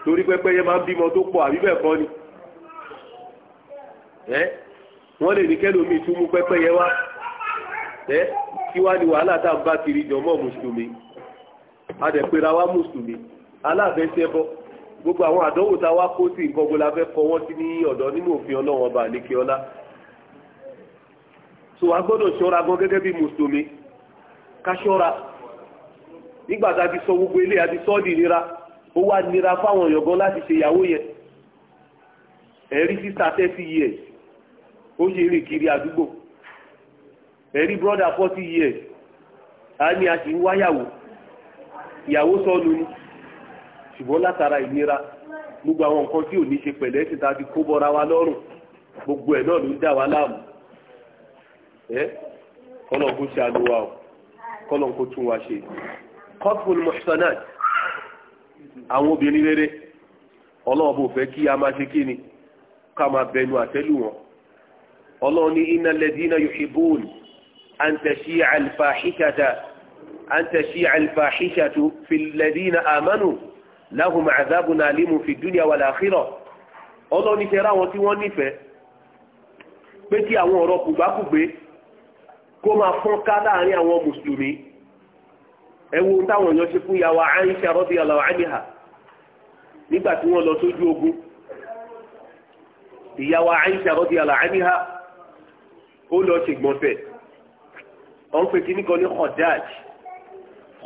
Speaker 1: torí pẹ́pẹ́yẹ máa ń bímọ tó pọ̀ àbí bẹ́ẹ̀ kọ́ ni wọ́n lè ní kẹ́lòmí tún mú pẹ́pẹ́yẹ wá ẹ kí wá ní wàhálà tá à ń bá kiri jọmọ́ mùsùlùmí adẹ̀pẹ̀rẹ̀ wa mùsùlùmí ala bọ́ gbogbo àwọn àdánwò tá a wá kó sí nǹkan gbọ́dọ̀ afẹ́ kọ sí ní ọ̀dọ́ nínú òfin ọlọ́run ọba ọlá so a gbọ́dọ̀ ṣọ́ra gan gẹ́gẹ́ bí mùsùlùmí ká ṣọ́ra nígbà tá a ti sọ gbogbo ilé àti sọ́ọ̀dì nira ó wá nira fáwọn èèyàn gan láti ṣe ìyàwó yẹn ẹ̀rí ó ṣe kiri àdúgbò ẹ̀rí brọ́dà 40 years a ní a sì ń wáyàwó ìyàwó sọnù ni ṣùgbọ́n látara ìnira gbogbo àwọn nǹkan tí ò ní ṣe pẹ̀lẹ́ ti ta ti kó bọ́ra wa lọ́rùn gbogbo ẹ̀ náà ló ń dà wá láàmú ẹ́ kọ́nà kó ṣe kọ́nà kó tún wa ṣe kọ́pùn أن تشيع الفاحشة أن تشيع الفاحشة في الذين آمنوا لهم عذاب أليم في الدنيا والآخرة Ọlọ́run ní tẹ́ra wọn tí wọ́n nífẹ̀ẹ́ pé kí àwọn ọ̀rọ̀ kùgbákùgbé kó máa fọ́n ká láàrin àwọn mùsùlùmí ẹ wo táwọn èèyàn ṣe fún yàwá Aisha radiyallahu anha nígbà tí wọ́n lọ sójú ogun ìyàwó Aisha radiyallahu anha ó lọ ṣègbọ̀nfẹ̀ẹ́ wọ́n pè kíní kan ní kọ̀dáàj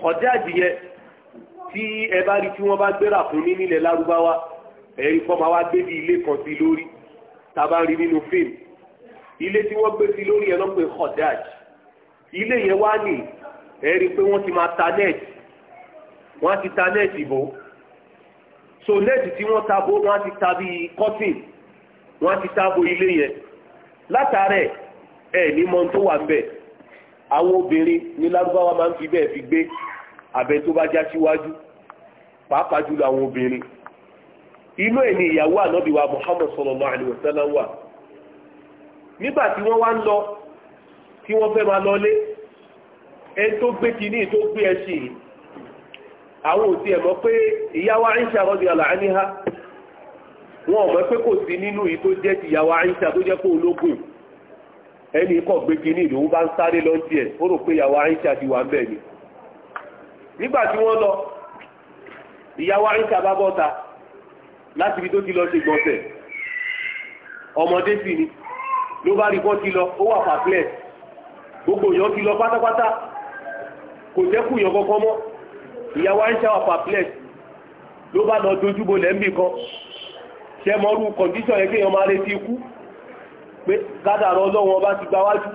Speaker 1: kọ̀dáàj yẹn tí ẹ bá rí tí wọ́n bá gbéra fún ní nílẹ̀ lárúbáwá ẹ̀rí kọ́ máa wá gbé bí ilé kan sí lórí tá a bá rí nínú fíìmù ilé tí wọ́n gbé sí lórí yẹn lọ́n pè kọ̀dáàj ilé yẹn wá ní ẹ̀rí pé wọ́n ti máa ta nẹ́ẹ̀tì wọ́n ti ta nẹ́ẹ̀tì bò so nẹ́ẹ̀tì tí wọ́n ta bò wọ́n ti ta bí kọ́tìn wọ́n ti ta bò ilé yẹn látàrẹ̀ ẹ̀ ní mọ́ tó wà ń bẹ́ẹ̀ àwọn obìnrin ní lárúbáwá máa ń fi bẹ́ẹ̀ fi gbé abẹ tó bá já síwájú pàápàá jùlọ àwọn obìnrin inú ẹ̀ ni ìyàwó ànábì wa Muhammad sallallahu alaihi wasallam wà nígbà tí wọ́n wá ń lọ tí wọ́n fẹ́ máa lọlé ẹ tó gbé kínní tó gbé ẹṣin yìí àwọn òsì ẹ̀ mọ̀ pé ìyàwó Aisha radiyallahu anha wọn ò mọ̀ pé kò sí nínú yìí tó jẹ́ ti ìyàwó Aisha tó jẹ́ kó ológun ẹni kọ̀ gbé kínní ìlú bá ń sáré lọ tiẹ̀ ó rò pé ìyàwó àyíṣà ti wà mbẹ̀ ni nígbà tí wọ́n lọ ìyàwó àyíṣà bá bọ́ta láti ibi tó ti lọ ṣe gbọ̀nsẹ̀ ọmọdé sì ni ló bá rí bọ́ ti lọ ó wà pàpílẹ̀ gbogbo èèyàn ti lọ pátápátá kò jẹ́kù èèyàn kankan mọ́ ìyàwó àyíṣà wà pàpílẹ̀ ló bá lọ dojúbo lẹ́ńbì kan ṣẹ́mọ́rú kọ̀ǹdíṣọ̀ yẹn kéèyàn máa retí ikú pé kádàrà ọlọ́wọ́n bá ti gba wájú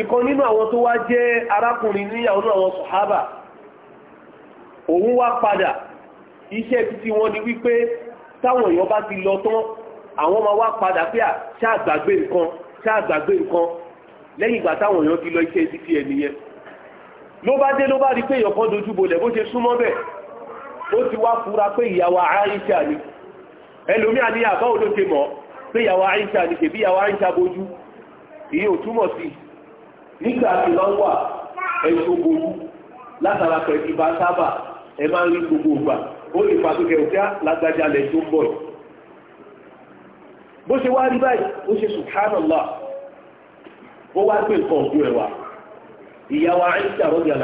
Speaker 1: ìkan nínú àwọn tó wá jẹ́ arákùnrin níyàwó náà àwọn sọ̀hábà òun wá padà iṣẹ́ títí wọn ni wípé táwọn èèyàn bá ti lọ tán àwọn máa wá padà pé ṣáàgbàgbé nǹkan ṣáàgbàgbé nǹkan lẹ́yìn ìgbà táwọn èèyàn ti lọ iṣẹ́ títí ẹ̀ nìyẹn ló bá dé ló bá rí pé èèyàn kan dojú bolẹ̀ bó ṣe súnmọ́ bẹ̀ ó ti wá fura pé ìyàwó Àìṣà ni ẹlòmíà ní àbá òdó ṣe mọ́ pé yawa àyíṣà ní kèbí yawa àyíṣà bójú èyí ò túmọ̀ sí nígbà tí wọ́n wà ẹ̀sùn bójú látara pẹ̀lú ìbá sábà ẹ máa ń rí gbogbo ìgbà ó lè fa tó kẹrù kíá lágbájá lẹ̀ tó ń bọ̀ bó ṣe wá rí báyìí ó ṣe subhanallah ó wá pé nǹkan ọ̀gbìn ẹ̀wà ìyàwó àyíṣà nǹkan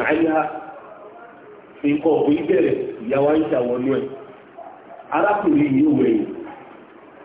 Speaker 1: ọ̀gbìn bẹ̀rẹ̀ ìyàwó àyíṣà wọnú ẹ̀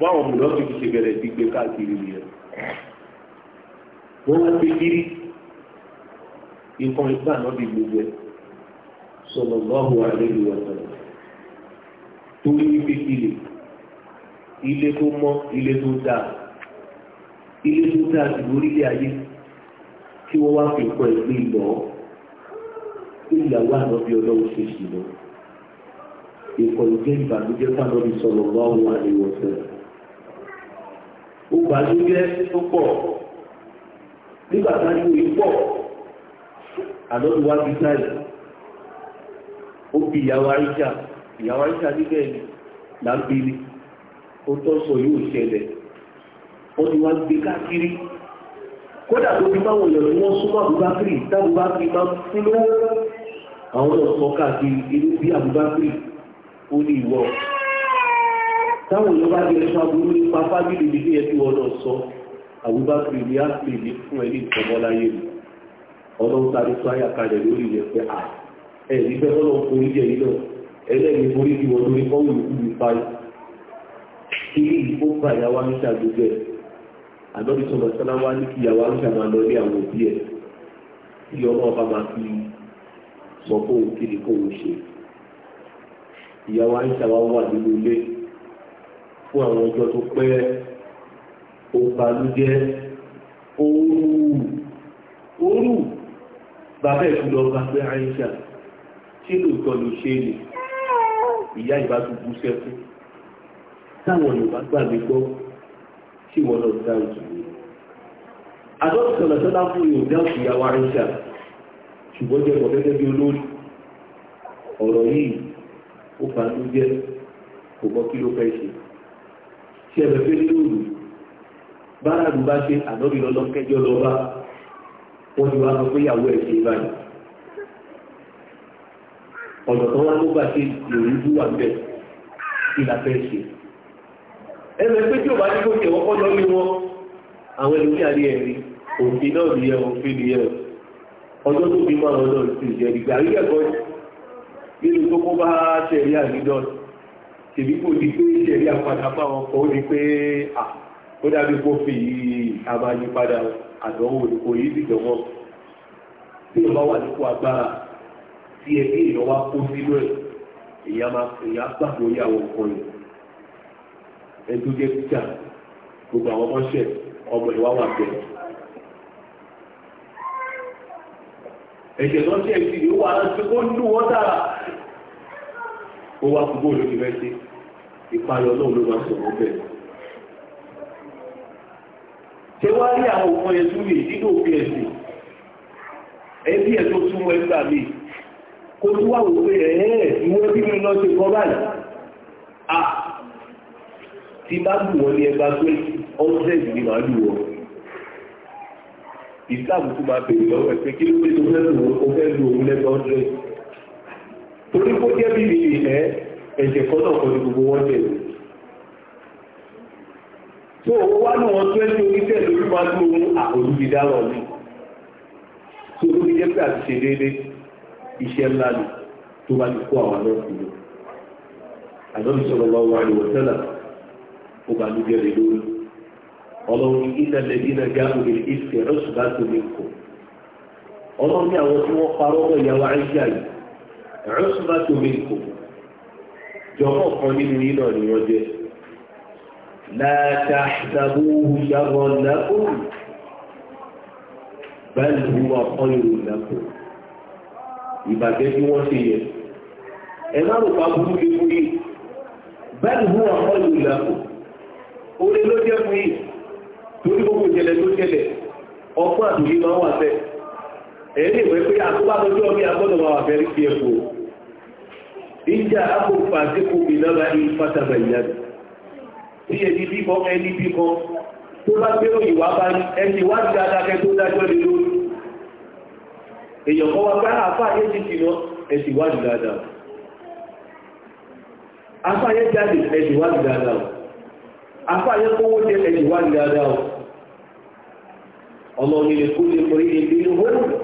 Speaker 1: báwọn mùnà ti ṣe bẹ̀rẹ̀ gbígbé káàkiri yẹn wọ́n wá pé kiri nǹkan ìgbà náà di gbogbo ẹ̀ sọ̀rọ̀ lọ́hùn àlejò ọ̀sán torí wípé kiri ilé tó mọ́ ilé tó dáa ilé tó dáa ti lórílẹ̀ ayé tí wọ́n wá fi kọ́ ẹ̀gbẹ́ ìlọ́ ìyàwó ànábi ọlọ́run ṣe sí lọ ìkọ̀lù jẹ́ ìbànújẹ́ fáwọn ìsọ̀rọ̀ lọ́wọ́ àríwọ̀sẹ̀ rẹ̀. O gbàdúgbẹ́ tó pọ̀ nígbà tájú yìí pọ̀ àdọ́dù wá bí táyì ó bí ìyàwó àríṣà ìyàwó àríṣà níbẹ̀ ni lábílì ó tọ́ sọ yóò ṣẹlẹ̀ ó ti wá gbé káàkiri kódà tó èèyàn wọ́n súnmọ́ àbúbákiri máa fún àwọn táwọn èèyàn bá jẹ ẹ̀ṣọ́ aburú nípa fábílì ní ẹ̀ tí wọ́n náà sọ àwùbákiri ní ápìlì fún ẹni ìfọmọláyé mi ọlọ́run tàbí sọ àyàkalẹ̀ lórí ilẹ̀ pé à ẹ̀ nígbẹ́ ọlọ́run forí jẹ yìí náà ẹlẹ́yìn forí ti wọ́n lórí kọ́wù ìlú mi fáyì kí ìfó bá ìyàwó àmìṣà gbogbo ẹ̀ àdọ́bí sọ̀rọ̀ sọ́lá wá ní kí ìyàwó àmìṣà máa lọ ní àwọn òbí ẹ̀ kí ọmọ ọba máa fi sọ fóun kí ni kóun ṣe ìyàwó àmìṣà wá wà nínú ilé fún àwọn ọjọ́ tó pẹ́ ó balújẹ́ ooru bàbá ẹ̀kú lọ bá pé àyíṣà tí lóòótọ́ ló ṣe é nì ìyá ìbá tó bú sẹ́kù táwọn yorùbá gbàgbé gbọ́ tí wọ́n lọ dá ìjì ní adọ́sọ̀lọ̀ sọ́lá fún yorùbá ìyàwó àyíṣà ṣùgbọ́n jẹ́ ọ̀pọ̀ gẹ́gẹ́ bí olórí ọ̀rọ̀ yìí ó balújẹ́ kò mọ̀ kí ló fẹ́ ṣe tí ẹ̀mẹ̀ fẹ́ lóòrù báàrù bá ṣe ànábì lọ́lọ́ kẹjọ lọ bá wọ́n ti wá lọ pé ìyàwó ẹ̀ ṣe báyìí ọ̀nà tó wá ló bá ṣe lòrú bú wà bẹ́ẹ̀ kí la fẹ́ ṣe ẹ̀mẹ̀ pé tí ò bá ní kó tẹ̀wọ́ kọ́ lọ́lé wọn àwọn ẹni tí a rí ẹ̀rí òfin náà ní ẹ̀ òfin ní ẹ̀ ọjọ́ tó bí mọ́ àwọn náà sì jẹ́ ìgbà rí ẹ̀kọ́ nínú tó kó bá ṣẹ̀rí àgbẹ̀dọ́ọ̀tì tèmi kò di pé ìṣẹ̀rí àpadà bá wọn kọ́ ó di pé ó dábí kó fi abáyípadà àdánwò kò yí sì jọmọ́ bí ìwà wà nípò agbára tí ẹbí èèyàn wá kó sínú ẹ̀ èèyàn máa èèyàn gbàgbọ́ yà wọ́n kan yìí ẹni tó jẹ́ títà gbogbo àwọn ọmọọṣẹ́ ọmọ ìwà wà bẹ́ẹ̀. ẹ̀jẹ̀ lọ́sẹ̀ ìdílé wà á ti kó nù wọ́n dára ó wá gbogbo olóògbé ìpayọ̀ náà ló máa sọ̀rọ̀ bẹ́ẹ̀. ṣé wá rí àwọn òfin ẹ̀sùn yìí nínú òfin ẹ̀sìn ẹbí ẹ̀ tó túmọ̀ ẹgbà mi kó tó wà wò pé ẹ̀ẹ́ ìwọ́n bí mi lọ ṣe kọ́ báyìí à ti bá lù wọ́n ní ẹgbà pé ọ́sẹ̀dì ni màá lù wọ́n ìsáàbù tó máa bèèrè lọ́wọ́ ẹ̀ pé kí ló dé tó fẹ́ lù òun lẹ́gbà ọ́sẹ̀dì torí kó jẹ́ bí mi ẹ̀jẹ̀ kọ́tọ̀ kọ́tọ̀ gbogbo wọ́n jẹ̀ so tó owó wá ní wọn tó ẹni oníṣẹ́ lórí máa lọ ní jẹ́ pé àti ṣe déédé iṣẹ́ ńlá ni tó bá ti kó àwọn náà sí lọ. ọlọ́run ìtẹ̀lẹ̀ àwọn tí wọ́n parọ́ jọ̀mọ́ kan nínú yín náà ni wọ́n jẹ́ láàtà ìsàbòhù ṣàrọ̀ lákòrò báyìí ni wọ́n kọ́ ìròyìn lákòrò ìbàjẹ́ tí wọ́n ṣe yẹ ẹ má rò pa burú lé fún yìí báyìí ni wọ́n kọ́ ọgbọ́n àtúnyí máa wà fẹ́ ẹ̀rí ìwé pé àtúbàtọ́jú ọmọ yà wà fẹ́ rí sí in akópa tí kò bí na láì fata ìyàdì tí ẹni bíbọ ẹni bíbọ tó bá gbérò ìwà bá ní ẹni wá ní adágẹ́ tó dájọ́ lé lórí èèyàn wá bá àfáàyè ti fìnà ẹ̀sìn wá ní dáadáa àfáàyè jáde ẹ̀sìn wá ní dáadáa àfáàyè kówó jẹ ẹ̀sìn wá ní lè lè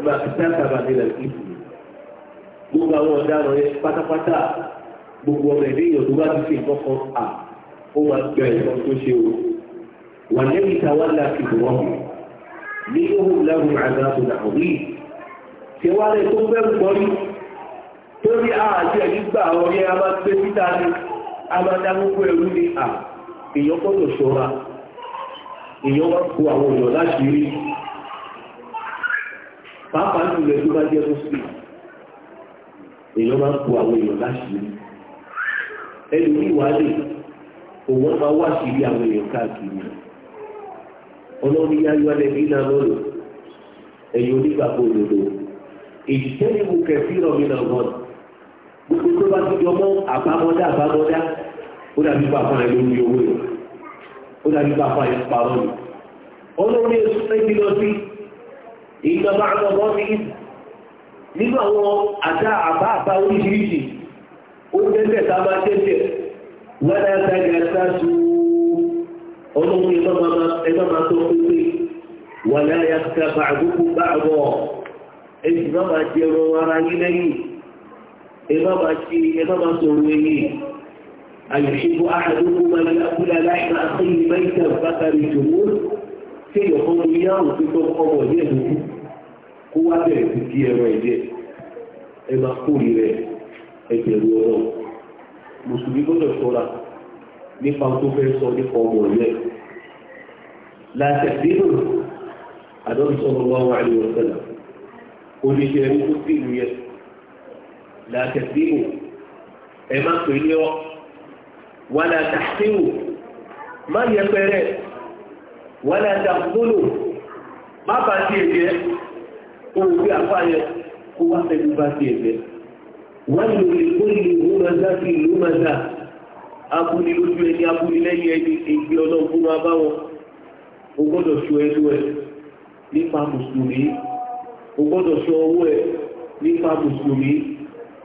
Speaker 1: máa gbogbo àwọn ọ̀daràn yẹn pátápátá gbogbo ọmọ ẹ̀dẹ́ èèyàn tó bá ti fi nǹkan kan à ó máa gba ẹ̀kan tó ṣe o wà lẹ́yìn táwa ńlá fi bọ̀ wọ́n nínú òun láwùjọ àgbàbọ̀ náà rí ṣé wá lẹ́ tó bẹ́ẹ̀ pọ̀ rí torí àti ẹ̀dígbà ọ̀rẹ́ a máa gbé síta ni a máa dá gbogbo ẹ̀rú ni à èèyàn gbọ́dọ̀ ṣọ́ra èèyàn wá kó àwọn èèyàn láṣìírí pàápàá jùlọ tó bá jẹ́ mùsùlùmí èèyàn máa ń po àwọn èèyàn láṣìírí ẹni ní ìwálẹ̀ òun máa wá síbi àwọn èèyàn káàkiri ọlọ́run ní ayọ́lẹ̀ bí náà lọ́lọ́ ẹ̀yìn onígbàgbọ́ òdodo ìjẹ́nìmù kẹfì rọ̀mìnà wọn gbogbo tó bá ti jọmọ́ àbámọ́dá àbámọ́dá ó dàbí pàpà ẹ̀ lórí owó rẹ̀ ó dàbí pàpà ẹ̀ parọ́ rẹ̀ ọlọ́run ní èso ẹgbẹ́ lọ sí ìgbà máa ń lọ nínú àwọn àdá àbá àbá oríṣiríṣi ó tẹ́tẹ̀ tá a máa tẹ́tẹ̀ wọ́n á dájà sáṣù ọlọ́run ẹgbẹ́ máa tó pépé wọ́n á yà ká bàdúkú bàbọ̀ èsì má máa jẹ ọrọ̀ ní abúlé aláìsàn àti ìmọ̀ ìtàn ìṣòwò tí ìyọ̀kan ní yàrá tó kọ́ wọ̀ ní ẹ̀dùnkú kó wá bẹ̀rẹ̀ sí kí ẹran ẹ̀jẹ̀ ẹ máa kórè rẹ̀ ẹgbẹ̀rún ọ̀rọ̀ mùsùlùmí gbọ́dọ̀ ṣọ́ra nípa tó fẹ́ sọ nípa ọmọ rẹ̀ láti ẹ̀dínú àdọ́sọ̀rọ̀ wá wà ní ọ̀sẹ̀lá oníṣẹ́ ẹni tó sì ń yẹ láti ẹ̀dínú ẹ má pè ní òun bí àfáyẹ kó wá fẹ́ bá ti ẹ̀fẹ́ wọ́n lò lè kó ìlú rúmọ́dá sí ìlú mọ́dá abúlé lójú ẹni abúlé lẹ́yìn ẹni ègbé ọlọ́run fún wa báwọn o gbọ́dọ̀ ṣọ́ ẹnu ẹ nípa mùsùlùmí o gbọ́dọ̀ ṣọ́ ọwọ́ ẹ nípa mùsùlùmí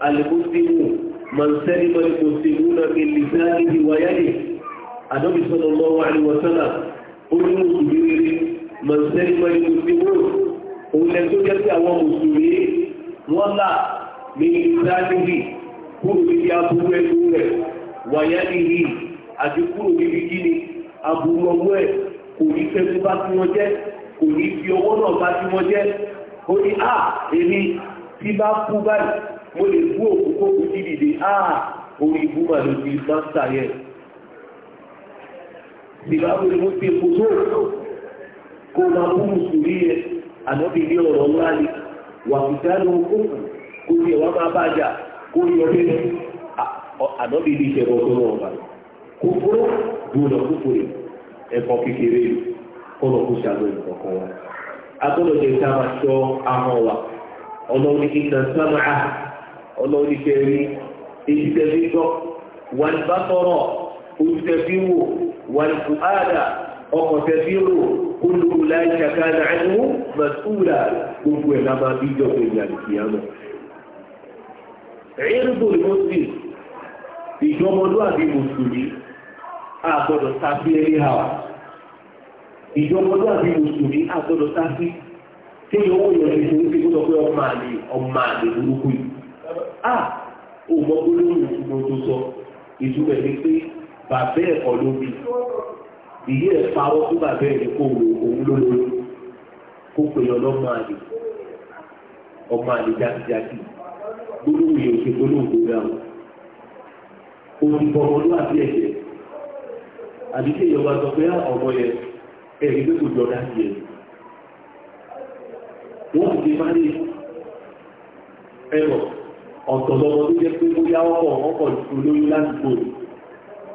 Speaker 1: alẹ́kùnsíwò mọ̀nsẹ́ni mọ̀lẹ́kùnsíwò náà fi lè sá níbi wáyáyé àdọ́bí sọ̀rọ̀ lọ́wọ́ àríwọ̀sánà ó ní mùsùlùmí rere mọ̀nsẹ́ni mọ̀lẹ́kùnsíwò òun lẹ́nu tó jẹ́ sí àwọn mùsùlùmí wọ́n là ní ìdájúbì kúrò níbi aburú ẹnu rẹ̀ wàyá nìyí àti kúrò níbi kíni aburú ọwọ́ ẹ̀ kò ní fẹ́ẹ́ bá tí wọ́n jẹ́ kò ní fi ọwọ́ náà bá tí wọ́n jẹ́ ó ní à èmi tí bá kú báyìí mo lè bú òkú kó kú sí dìde à orí ibú mà ló ti mástà yẹn. Ìgbà wo ni mo ti kú tó kó máa bú mùsùlùmí yẹn ànábì ní ọ̀rọ̀ ńlá ni wà fìdánù kófù kó ní ẹ̀wà máa bá jà kó ní ọdẹ lọ ànábì ní ìṣẹ̀rọ ọdún ọ̀gá kófóró dùnà kófóró ẹ̀kọ́ kékeré kọ́nà kó ṣàlọ́ ìkọ̀kọ̀ wa agbọ́dọ̀ jẹ́ ká máa ṣọ́ ahọ́n wa ọlọ́run ní sánà ọlọ́run ní kẹrin èyí tẹ̀lé gbọ́ wà ní bá tọrọ ojú tẹ̀ fi wò wà ní fùhádà kúlù láì ṣàkà láìmú màsúlà gbogbo ẹ̀ lábá bí jọ̀pọ̀ ìyá ìkìyàmọ̀. ẹ̀yẹ́dùgbò ni wọ́n sì ìjọmọlúwàbí mùsùlùmí àgbọ̀dọ̀ sáfí ẹ̀rí hàwà ìjọmọlúwàbí mùsùlùmí àgbọ̀dọ̀ sáfí tí yóò yọ ìṣòro tí kó sọ pé ọmọ àlè ọmọ àlè burúkú yìí à ò mọ gbólóhùn ìtumọ̀ tó sọ ìtumọ̀ ní ìyí ẹ̀ parọ́ fún bàbá ẹ̀ kó wo òun ló lóyún kó pè é ọlọ́mọ àlè ọmọ àlè jákèjákè gbólóhùn yìí òkè gbólóhùn tó dáa olùkọ́ ọmọlúwàbí ẹ̀jẹ̀ àbí kí ìyọba sọ pé ah, ọmọ yẹn ẹ̀rí pé kò jọ dájú yẹn wọ́n ti máa ní ẹ̀rọ ọ̀tọ̀ lọ́mọ tó jẹ́ pé ó yá ọkọ̀ ọkọ̀ olóyún láti gbòòrò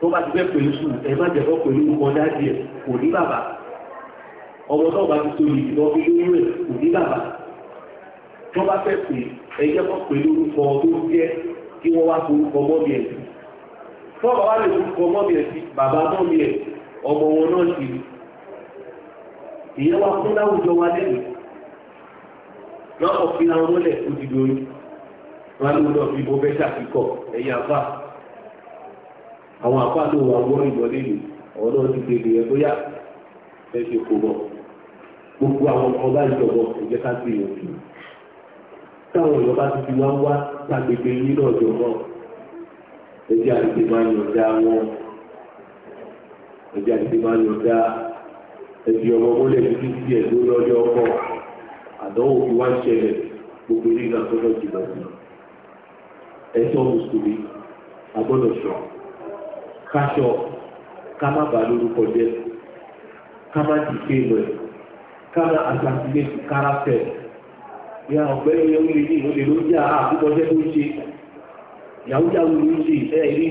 Speaker 1: tó bá ti fẹ́ pẹ̀lú sùn ẹ má jẹ́ kọ́ pẹ̀lú kò ní bàbá ọmọ náà bá ti tóbi ìdìbò fi ẹ̀ kò ní bàbá tó bá fẹ́ ẹ jẹ́ orúkọ tó jẹ́ kí wọ́n wá ọmọ wọn náà sì ìyẹn wá fún láwùjọ wa lẹ́nu fi àwọn mọ́lẹ̀ ó ti dorí wọn lóun náà fi bọ́ àwọn àpáàdé wa wọ́n ìwọlé ìlú ọ̀rọ̀ náà ti gbèrè ẹ̀ bóyá ẹ ṣe kò bọ̀ gbogbo àwọn ọmọ bá ìjọba ìjẹ́ ká sí ìyẹn sí táwọn ìjọba ti fi wá wá sàgbègbè yín náà jọ náà ẹjẹ́ àdìgbè máa yọ̀ǹda wọn ẹjẹ́ àdìgbè máa yọ̀ǹda ẹbí ọmọ mọ́lẹ̀ ní títí ẹ̀ ló lọ́jọ́ ọkọ̀ àdánwò fi wá ń ṣẹlẹ̀ gbogbo ilé ìgbà tó lọ́jọ́ jùlọ sí ẹ̀ṣọ́ mùsùlùmí agbọ́dọ̀ ṣọ́ káṣọ ká má bà lórúkọ jẹ́ ká má ti ṣe rẹ̀ ká má assassinate character ìyá ọ̀gbẹ́ni yẹn wúlé ní ìwọlé ló jẹ́ àkúkọjẹ́ tó ń ṣe yàwó yàwó ló ń ṣe ẹ̀ rí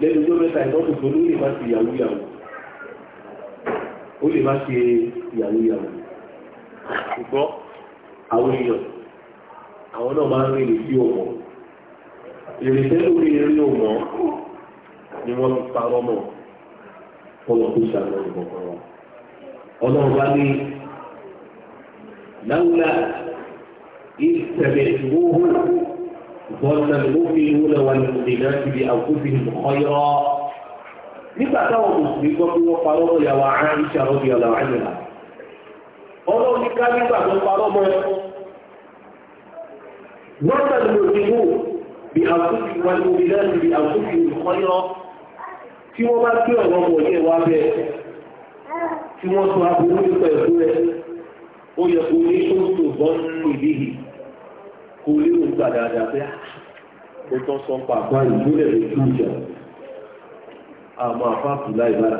Speaker 1: lẹ́nu tó mẹ́ta ìtọ́jú tó ló lè má ṣe yàwó yàwó ó lè má ṣe yàwó yàwó ṣùgbọ́n àwọn èèyàn àwọn náà máa ń rìn lè sí ọmọ ìrìnsẹ́ lórí eré ọmọ ni wọ́n fi parọ́ mọ́ kọ́lọ̀ tó ṣàlọ́ ìbọ̀kọ̀ wọn. ọlọ́run bá ní láwùlà ìtẹ̀lẹ̀dúgbò bọ́ọ̀nà lófinwó lọ́wọ́ nìyẹn ti di àkóso ìmọ̀ọ́yọ́. nígbà táwọn mùsùlùmí gbọ́ pé wọ́n parọ́ mọ́ yàwó Àìṣà rọ́bì ọ̀là àyìnlá. ọlọ́run ní ká tó parọ́ mọ́ wọ́n tẹ̀lé lófinwó bí àkóso ìwà lófinwó tí wọ́n bá gbé ọ̀rọ̀ wọ̀ yẹn wá bẹ́ẹ̀ tí wọ́n tún aburú nípa ẹ̀kú rẹ̀ ó yẹ kó ní tó tó bọ́ nínú ìdí yìí kó lérò gbà dáadáa pé ó ah, tán sọ pa àbá ìgbélẹ̀ rẹ̀ tó ìjà àmọ́ àfáàfù láì bára.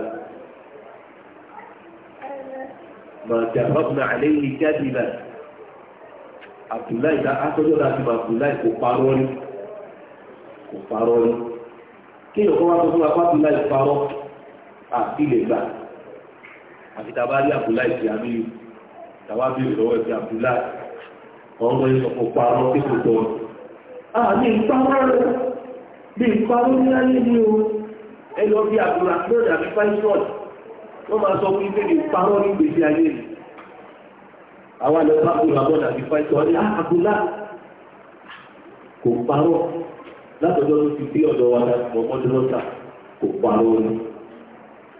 Speaker 1: Màtí àbábùnà àlẹ́ yìí jáde náà. Àbùláì dá akọ́jọ́ láti máa bùláì kò parọ́ rí. Kò parọ́ rí kí èèyàn kan wá sọ fún wa fábí láì parọ́ àti ilẹ̀ gbà àti tàbá rí Abdullahi ti àmìlú tàbá bí ìrọ̀wọ́ ti Abdullahi ọ̀rọ̀ ìsọ̀kọ̀ parọ́ kí kò tọ́ àmì ìparọ́ rẹ̀ bí ìparọ́ ní ayé ni o ẹ lọ bí Abdullahi lọ́dà bí fáìsọ̀t wọ́n máa sọ wípé ìparọ́ ní gbèsè ayé ni àwọn àlọ́ bá kúrò àbọ̀dà bí fáìsọ̀t ní ah, Abdullahi kò parọ́ látọjọ́ ló fi sí ọ̀dọ̀ wa láti mọ mọ́dúnlọ́sà kò pa lórí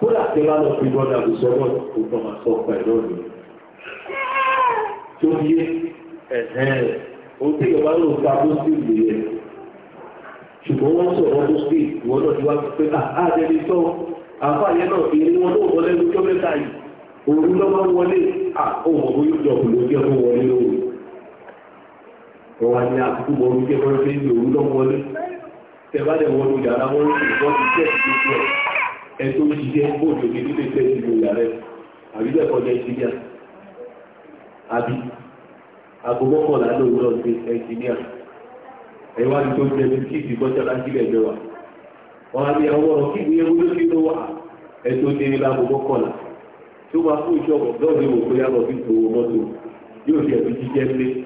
Speaker 1: kódà tí bá lọ fi bọ́dà kò sọ bọ́ọ̀dù kò tọ́ máa sọ ọ̀pá ẹ̀dọ́ ni tó yé ẹ̀hẹ́n òun tí ìjọba ló fa muslim lè yẹ ṣùgbọ́n wọ́n sọ̀rọ̀ muslim ìwọ́n náà ti wá pé àádẹ́ni ah, tọ́ àfáàyẹ náà fi ní wọn lóòótọ́ lẹ́nu tó mẹ́ta yìí òun lọ́wọ́ wọlé àwọn ọmọ yóò jọ kò ló jẹ́ fún wọlé lóòrùn ọwọ́ ní àtúkùbọ̀ orí jẹ́ bọ́rẹ́ fẹ́ ní òun lọ́wọ́lé tẹ̀bálẹ̀ wọ́n ló yàrá wọ́n lóṣù wọ́n ti tẹ̀ sí gbogbo ẹ̀ ẹ tó ti jẹ́ bóòdì òkè nílé tẹ̀ sí gbogbo yàrá àbí bẹ́ẹ̀ kọjá ẹnjìníà àbí aago mọ́kànlá lóòrùn lọ sí ẹnjìníà ẹ wá ní tó jẹ ní kí ìdí bọ́jà lásìlẹ̀ mẹ́wàá wọn á ní àwọn ọ̀rọ̀ kí ìdí ewu ló ti lọ wà ẹ tó dé ní aago mọ́kànlá tó máa fún ìṣọ̀kọ̀ lọ́ọ̀dẹ̀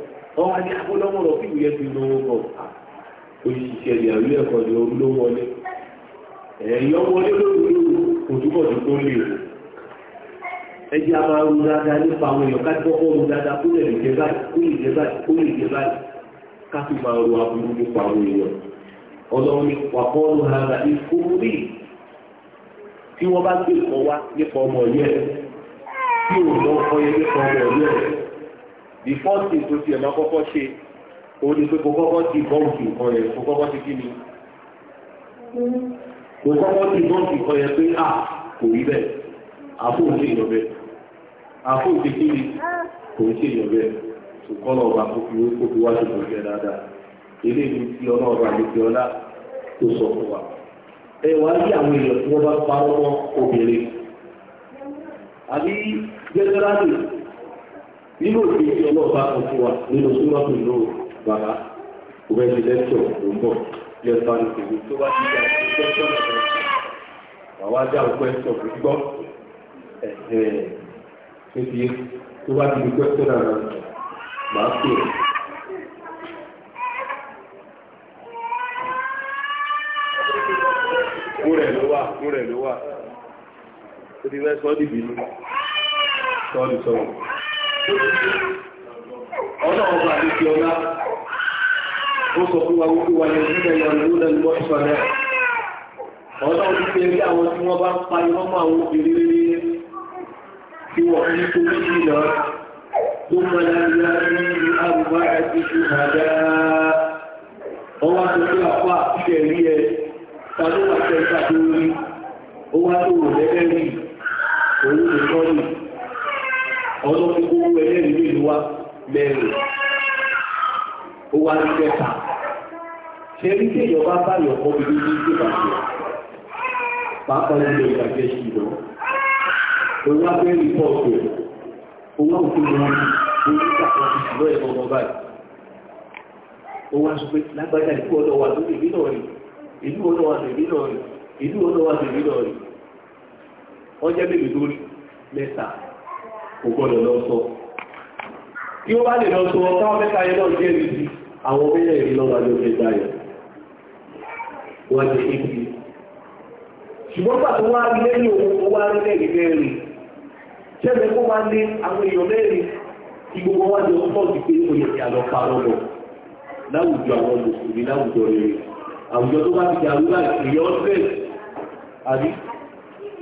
Speaker 1: ọwọ́ ní abúlọ́mọ lọ fún ìwúyẹ́ ti lówó kọ òṣìṣẹ́ ìyàwó ẹ̀kọ́ ni ó ló wọlé ẹ̀yìn ọmọ olólùlù kò túbọ̀ tó tó lè ẹjẹ́ a máa rú dáadáa nípa àwọn èèyàn ká gbọ́ ọrùn dáadáa kó lè jẹ báyìí kó lè jẹ báyìí tí wọ́n bá gbé ìkọ́ nípa ọmọ yẹn tí òun lọ́ kọ́ nípa ọmọ yẹn the first thing tó ti ẹ̀ máa kọ́kọ́ ṣe òun ni pé kò kọ́kọ́ ti bọ́ǹkì nǹkan yẹn kò kọ́kọ́ ti kí ni kò kọ́kọ́ ti bọ́ǹkì nǹkan yẹn pé à ah, kò rí bẹ́ẹ̀ àfò ń ṣe èèyàn bẹ́ẹ̀ àfò ń ṣe kí ni kò ń ṣe èèyàn bẹ́ẹ̀ ṣùgbọ́n ọba kò fi kó fi wájú kò jẹ dáadáa ilé ìlú ti ọlọ́ọ̀rọ̀ àlejò ọlá tó sọ fún wa ẹ wá rí àwọn èèyàn tí wọ́n bá parọ́ mọ́ obìnrin àbí gẹ́gẹ́ nínú òfin ìṣẹ́ náà bá kan fún wa nínú súnmọ́tò náà bàbá kò bẹ́ẹ̀ ṣe lẹ́tọ̀ tó ń bọ̀ yẹ bá ní tèmi tó bá ti yà sí lẹ́tọ̀ rẹ̀ bàbá dá òkú ẹ̀sọ̀ fún gbọ́ ẹ̀ẹ́ ṣébi tó bá ti di pẹ́sẹ̀ náà máa pè é. múrẹ̀ ló wà múrẹ̀ ló wà ó ti fẹ́ sọ́ọ́ dìbì nù sọ́ọ́
Speaker 2: ọlọ́run bá ti fi ọlá
Speaker 1: ó sọ fún wa wípé wà ní ìpínlẹ̀ ìyàwó lẹ́nu mọ́ ìsọ̀lẹ̀ ọlọ́run ti fi àwọn tí wọ́n bá ń pa iná mọ́ àwọn obìnrin tí wọ́n fi tó ní tó mọ́ ní àrùbá àpá ẹ ọlọ́run kó wú ẹlẹ́rìí ní ìlú wa mẹ́rin ó wá ní mẹ́ta ṣẹ́rí tí èèyàn bá bá yọ̀ kọ́ mi ní ní ìbàjẹ́ pàápàá nílò ìbàjẹ́ sí lọ òun á bẹ́ẹ̀ rìpọ́ọ̀tù ẹ̀ òun á òkú mi wọn ní ìgbà kan ti sùn lọ́yẹ̀ ọmọ báyìí òun á sọ pé lágbájá ìlú ọ̀dọ̀ wa lórí ìbí náà rí ìlú ọ̀dọ̀ wa lórí ìbí náà rí ìlú ọ̀dọ̀ wa lórí náà rí ọjọ́ mélòó lórí mẹ́ta kò gbọ́dọ̀ lọ sọ tí ó bá lè lọ sọ táwọn mẹ́ta yẹn náà jẹ́ ìrísí àwọn mẹ́rẹ̀ ìrí lọ́wọ́ ló fẹ́ dáyọ̀ wọ́n ti ṣe kí ṣùgbọ́n pàtó wá rí lẹ́yìn òun wá rí lẹ́yìn mẹ́rin ṣẹ́fẹ́ kó wá ní àwọn èèyàn mẹ́rin tí gbogbo wá jọ pọ̀ sí pé ó yẹ kí a lọ pa lọ́wọ́ láwùjọ àwọn mùsùlùmí láwùjọ rere àwùjọ tó bá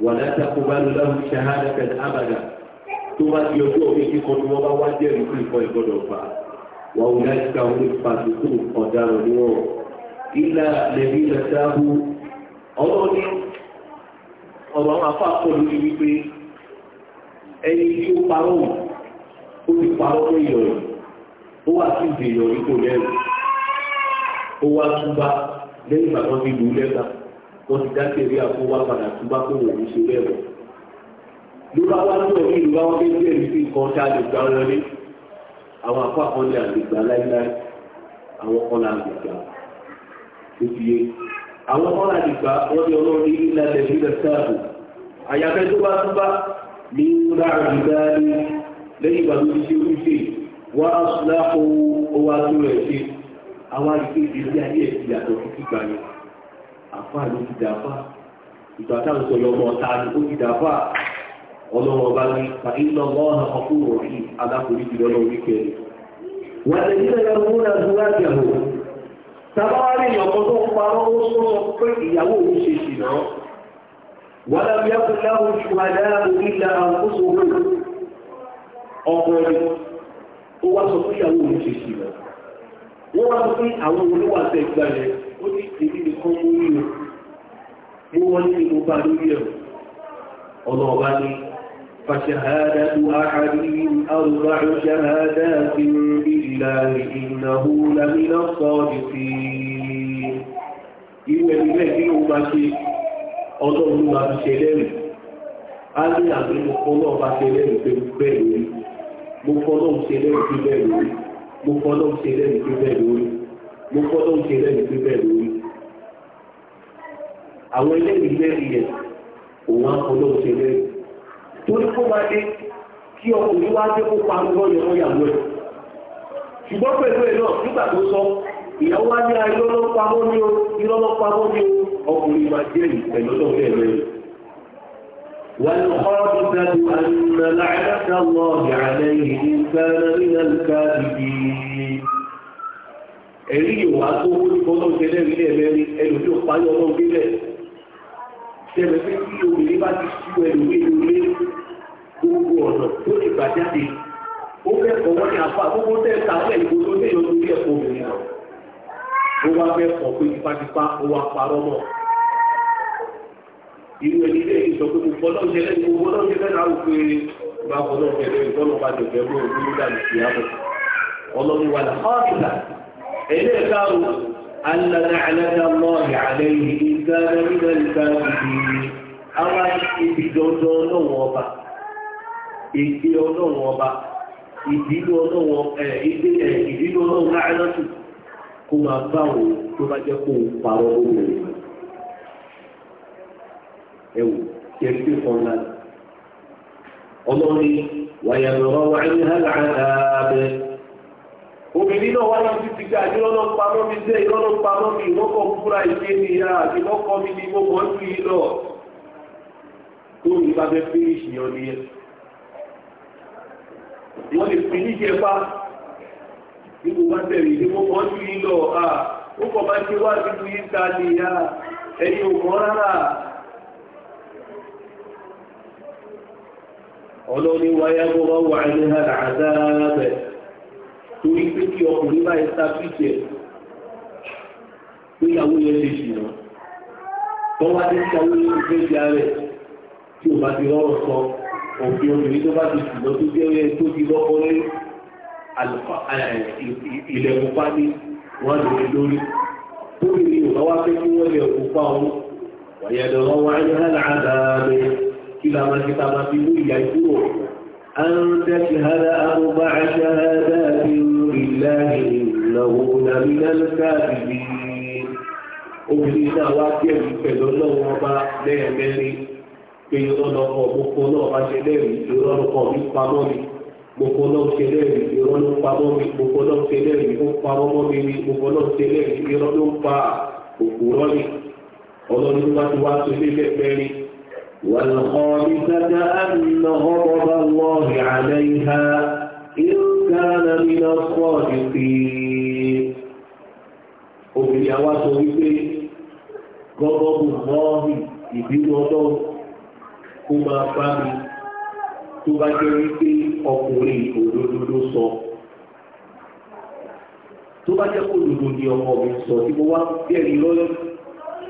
Speaker 1: wàlá taqbalu شهادة shahadatan ثم يجوب في di ọjọ́ orí kíkọ́ ni wọ́n bá wá jẹ́rìí إلا ìkọ́ ìgbọ́dọ̀ fà wọ́n wù láti ka orí pàṣẹ tó ọ̀daràn ni wọ́n ilà lẹ́bí lẹ́sàbù ọlọ́ọ̀ni wípé ẹni tí ó parọ́ wù ó ti parọ́ pé ìyọ̀rọ̀ ó wà sí ìdè ìyọ̀rọ̀ kò lẹ́rù ó wá túbá lẹ́yìn ìgbà tó ti lù ú lẹ́gbàá wọ́n ti dákẹ́ rí padà tún bá kóhùn òun ṣe bẹ́ẹ̀ wọ̀. ló bá wá lọ ní ìlú báwọn fẹ́ díẹ̀ ní sí nǹkan tá a lè gbà wọlé àwọn apá kan ní àgbègbè aláìláì àwọn kan là ń gbègbà ó yé àwọn kan là ń gbà wọ́n ní ọlọ́run ní ilé nílẹ̀ sáàbù àyàfẹ́ tó bá tún bá ní lẹ́yìn àfa ló ti dà fà ìgbà táwọn sọ yọ ọmọ ọ̀tá ni ó ti dà fà ọlọ́wọ́ bá ní fa iná lọ́hà ọkùn rọ̀hìn alákòrí jùlọ lọ orí kẹrin wà lè nílẹ̀ yọ mú náà dúró àjẹ̀wò tàbáwárí ìyọ̀kọ́ tó ń parọ́ ó sọ́rọ̀ pé ìyàwó òun ṣe sì náà wà lábí akúláwò ṣùgbọ́n ilẹ̀ àkóso ọkọ̀ ni ó wá sọ pé ìyàwó òun ṣe sì náà wọ́n wá sọ pé àwọn olówó àtẹ̀gbà yẹn ó ní èmi nìkan mú rí o ní wọ́n ní mo bá lórí ẹ̀rọ ọ̀nà ọba ni فشهادة أحدهم أربع شهادات بالله إنه لمن الصادقين ìwẹ̀ ilẹ̀ tí ó bá ṣe ọlọ́run bá ṣe lẹ́rìn á ní àmì mo fọ́lọ́ bá ṣe lẹ́rìn pé bẹ́ẹ̀ lórí mo fọ́lọ́ ṣe lẹ́rìn pé bẹ́ẹ̀ lórí mo fọ́lọ́ ṣe lẹ́rìn pé bẹ́ẹ̀ lórí mo kọ́ tó ń ṣe lẹ́nu pé bẹ́ẹ̀ lórí àwọn ẹlẹ́rìí lẹ́rìí yẹn òun á kọ́ ló ń ṣe lẹ́rìí torí kó máa dé kí ọkùnrin wá dé kó pa ńgọ́ yẹn wọ́n yàgò ẹ̀ ṣùgbọ́n pẹ̀lú ẹ̀ náà nígbà tó sọ ìyàwó wá ní ayọ́lọ́pamọ́ ní o ìrọ́lọ́pamọ́ ní o ọkùnrin máa jẹ́ ìpẹ̀lú ọlọ́run ẹ̀ lẹ́yìn. والخامسة أن لعنة الله عليه إن كان من الكاذبين ẹ̀rí ìwà tó owó ní bọ́lọ́ ìṣẹ̀lẹ̀ ilé ẹ̀mẹ́rí ẹlò tí ó parí ọlọ́run gbélẹ̀ ṣẹlẹ̀ pé kí obìnrin bá ti ṣú ẹlò ní ilé gbogbo ọ̀nà tó lè gbà jáde ó fẹ́ kọ́ wọ́n ní àpá gbogbo tẹ́ ta ọ́ ẹ̀yìnbó tó lè yọ lórí ẹ̀kọ́ obìnrin náà ó wá fẹ́ kọ̀ pé tipátipá ó wá parọ́ mọ́ irú ẹni lẹ́yìn sọ pé gbogbo ọlọ́run ṣẹlẹ̀ ní gbogbo ọlọ́run ṣẹlẹ̀ náà wò pé báwo náà ṣẹlẹ̀ ìtọ́nà bá jọ̀fẹ́ mọ́ òkú nígbà lè ṣe àbọ̀ ọlọ́run wà láàárín إليه قالوا أن لعنة الله عليه إن كان من الكاذبين أما ìdíjọ ọlọ́wọ́ ọba ìdí ọlọ́wọ́ ọba ìdílé ọlọ́wọ́ ìdílé ìdílé ọlọ́wọ́ láàrínàtù kó máa bá òun tó bá jẹ́ kó obìnrin náà wáyé títí ká ìrọ́lọ́ pamọ́ mi dé ìrọ́lọ́ pamọ́ mi ìmọ́kọ̀ fúra ìṣe ni ya àti mọ́kọ́ mi ni mo mọ̀ ń yìí lọ. tó ní bá fẹ́ fi ìṣìyàn ni wọ́n lè fi níjẹ́ pa bí mo bá tẹ̀lé ni mo mọ̀ ń yìí lọ. ó kọ̀ máa ṣe wá sí fún ta ni ya ẹ̀yin ò mọ̀ rárá. ọlọ́ni wáyé wọ́n wà ní àdáadáa bẹ̀rẹ̀ torí pé kí ọkùnrin bá ẹ́stábíìsì ẹ̀ pé ìyàwó yẹn lè ṣìnà tó wá dé sáwó yẹn fẹ́ di ara ẹ̀ tí ò bá ti rọrọ̀ sọ òfin obìnrin tó bá ti ṣùgbọ́n tó jẹ́ ẹ̀ tó ti lọ́kọ́ ní ilẹ̀ òpá ní wọ́n lè lórí tó lè ní ìwọ́wá pé kí wọ́n lè òpá ọ̀hún wọ̀nyẹ̀dọ̀ wọn wáyé hàn ádáa bẹ́ẹ̀ kí làwọn ti ta máa fi mú ìyá ìdúró أن تشهد أربع شهادات لله إنه لمن الكاذبين obìnrin náà wá sí ẹ̀rí pẹ̀lú ọlọ́run ọba lẹ́ẹ̀mẹ́rin pé ìrọ́lọ́kọ̀ gbogbo náà bá ṣe lẹ́rìí ìrọ́lọ́kọ̀ mi pamọ́ mi gbogbo náà ṣe lẹ́rìí ìrọ́lọ́ pamọ́ mi gbogbo náà ṣe lẹ́rìí ó pamọ́ mọ́ mi ni gbogbo náà ṣe lẹ́rìí ìrọ́lọ́ pa òkúrọ́ mi ọlọ́run tó ti wá sí ilé mẹ́rin والخامسة أن غضب الله عليها إن كان من الصادقين obìnrin àwa sọ wípé gọ́gọ́gù mọ́ọ̀mì ìbínú ọlọ́run kó máa bá mi tó bá jẹ́ wípé ọkùnrin òdodo ló sọ tó bá kó òdodo ni ọmọ mi sọ tí mo wá bẹ̀rẹ̀ lọ́yọ̀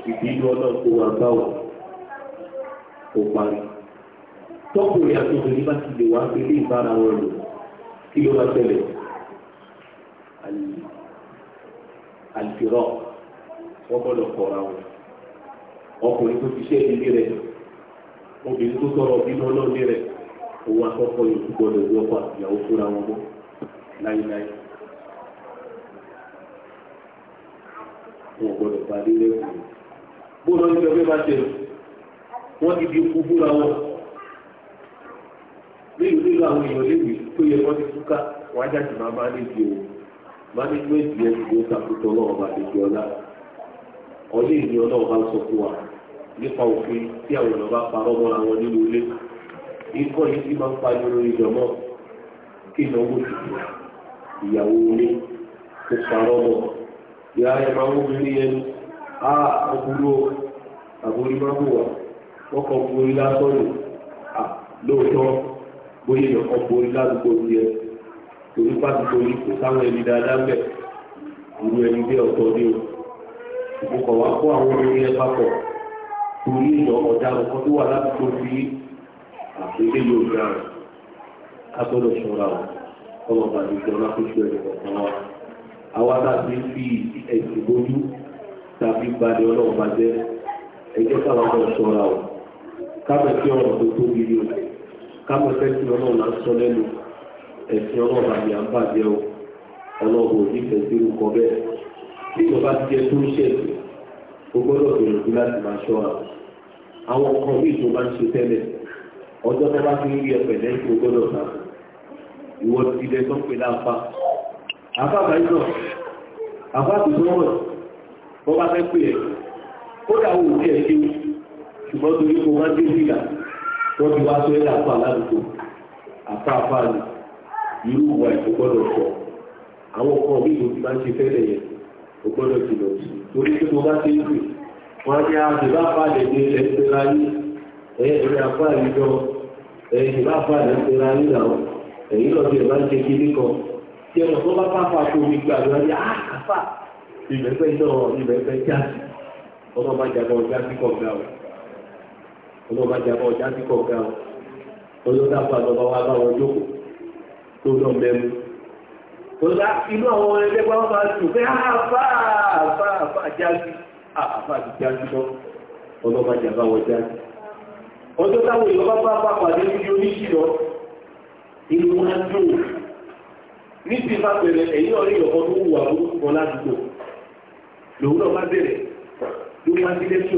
Speaker 1: ìbínú ọlọ́run kó kò parí tọ́kùnrin àti obìnrin bá ti lè wá pé ní ìbára wọn lò kí ló máa tẹ̀lé àlùfẹ́rọ̀ wọ́n gbọ́dọ̀ kọ̀ra wọn ọkùnrin tó ti ṣe ilé rẹ̀ obìnrin tó sọ̀rọ̀ bí lọ́lọ́ ilé rẹ̀ òun akọ́kọ́ yòókù gbọ́dọ̀ ìwé ọkọ àtìyàwó fúnra wọn mọ́ láíláí wọn gbọ́dọ̀ parí lẹ́kùn bó lọ́jọ́ bí wọ́n bá ṣe wọ́n ti di kú fúnra wọn léyìn nínú àwọn èèyàn léwu tó yẹ wọ́n ti túká wọ́n á jáde máa máa léjì o management yẹn ti gbé sàkóso náà ọba àlejò ọlá ọdún ìní ọlọ́wọ́ bá sọ fún wa nípa òfin tí àwọn èèyàn bá parọ́ mọ́ra wọn nínú ilé ikọ́ yìí ti máa ń pa irun ìjọmọ́ kí ìnáwó tìtì ìyàwó ilé kó parọ́ mọ́ ìyá ẹ̀ máa ń wọ́n mi rí ẹnu á ọkùnrin o àbórí máa ń wọ̀ wọ́n kọ́ borí lásọ̀rọ̀ à lóòótọ́ bóyá èèyàn kọ́ borí ládùúgbò sí ẹ torí pàtó torí kò sáwọn ẹni dáadáa bẹ̀ irú ẹni bí ọ̀tọ̀ ní o mo kọ̀ wá kó àwọn orin ẹ papọ̀ torí èèyàn ọ̀daràn kan tó wà ládùúgbò sí àpèlé yóò gbà rẹ̀ ká gbọ́dọ̀ ṣọ́ra o ọmọ bàbá ìjọba kó ṣe ẹ̀rọ kọ̀ọ̀kan wa àwa láti fi ẹ̀sìn bójú tàbí balẹ̀ ọlọ́ọ̀bá jẹ́ ẹjọ́ káwọn ọ̀ṣọ́ra o kábẹ̀ tí ọ̀rọ̀ tó tóbi ni o kábẹ̀ fẹ́ tí ọlọ́run á sọ lẹ́nu ẹ̀sìn ọlọ́run àmì à ń bàjẹ́ o ọlọ́run òbí fẹ̀sí orúkọ bẹ́ẹ̀ tí ìjọba ti jẹ tó ń ṣẹ̀sìn o gbọ́dọ̀ gbìyànjú láti máa ṣọ́ra àwọn kan bí ìjọba ń ṣe tẹ́lẹ̀ ọjọ́ tó bá fi ń rí ẹ̀fẹ̀ lẹ́yìn o gbọ́dọ̀ ta ìwọ ti lẹ tó ń pè láǹfà àfà àbáyọ̀ àfà àbùsọ̀rọ̀ bọ́ bá fẹ́ pè ẹ̀ kódà òun ti ẹ̀ ṣe ṣùgbọ́n torí kò wọ́n dé nígbà wọ́n ti wá sọ ẹ́ lápá aládùúgbò àfáàfáà ni irú ìwà ìkó gbọ́dọ̀ pọ̀ àwọn kan bí ìlú bá ń ṣe fẹ́lẹ̀ yẹn kò gbọ́dọ̀ jùlọ sí torí pé mo bá ṣe ń pè wọ́n á ní àbẹ̀bá àpáàlẹ̀ ní ilẹ̀ ń pera yín ẹ̀ẹ́dẹ̀rẹ̀ àpáàlẹ̀ jọ ẹ̀ẹ́dẹ̀bá àpáàlẹ̀ ń pera yín làwọn ẹ̀yìn lọ́dún ẹ̀ bá ń ṣe kíní kan tí ẹ̀rọ tó bá pàápàá tó omi gbà lọ ní ah, àkàfà ìbẹ̀fẹ́ náà ìbẹ̀fẹ́ jáde ọmọ bá jàdọ̀ ọjà kíkọ̀ gbà wọn ọlọ́ba jẹ́ ọjà sí kọ̀ọ̀kan olódàpọ̀ àtọ́ba wa bá wọn jókòó tó lọ mẹ́mu. Tòlá inú àwọn ẹlẹ́gbẹ́ wọn máa tù pé ah, àfà àfà àfà jáde ah, àfà àti jáde lọ ọlọ́ba jẹ́ bá wọn jáde. Ọjọ́ táwọn èèyàn bá bá pàdé níbi oníṣirọ́ inú wọn dùn. Ní ti bá bẹ̀rẹ̀ ẹ̀yìn ọ̀rẹ́ ìyọ̀kan tó wù àwọn olùkọ́ ládùúgbò. Lòun náà bá bẹ̀rẹ̀ ló máa ń dílé sí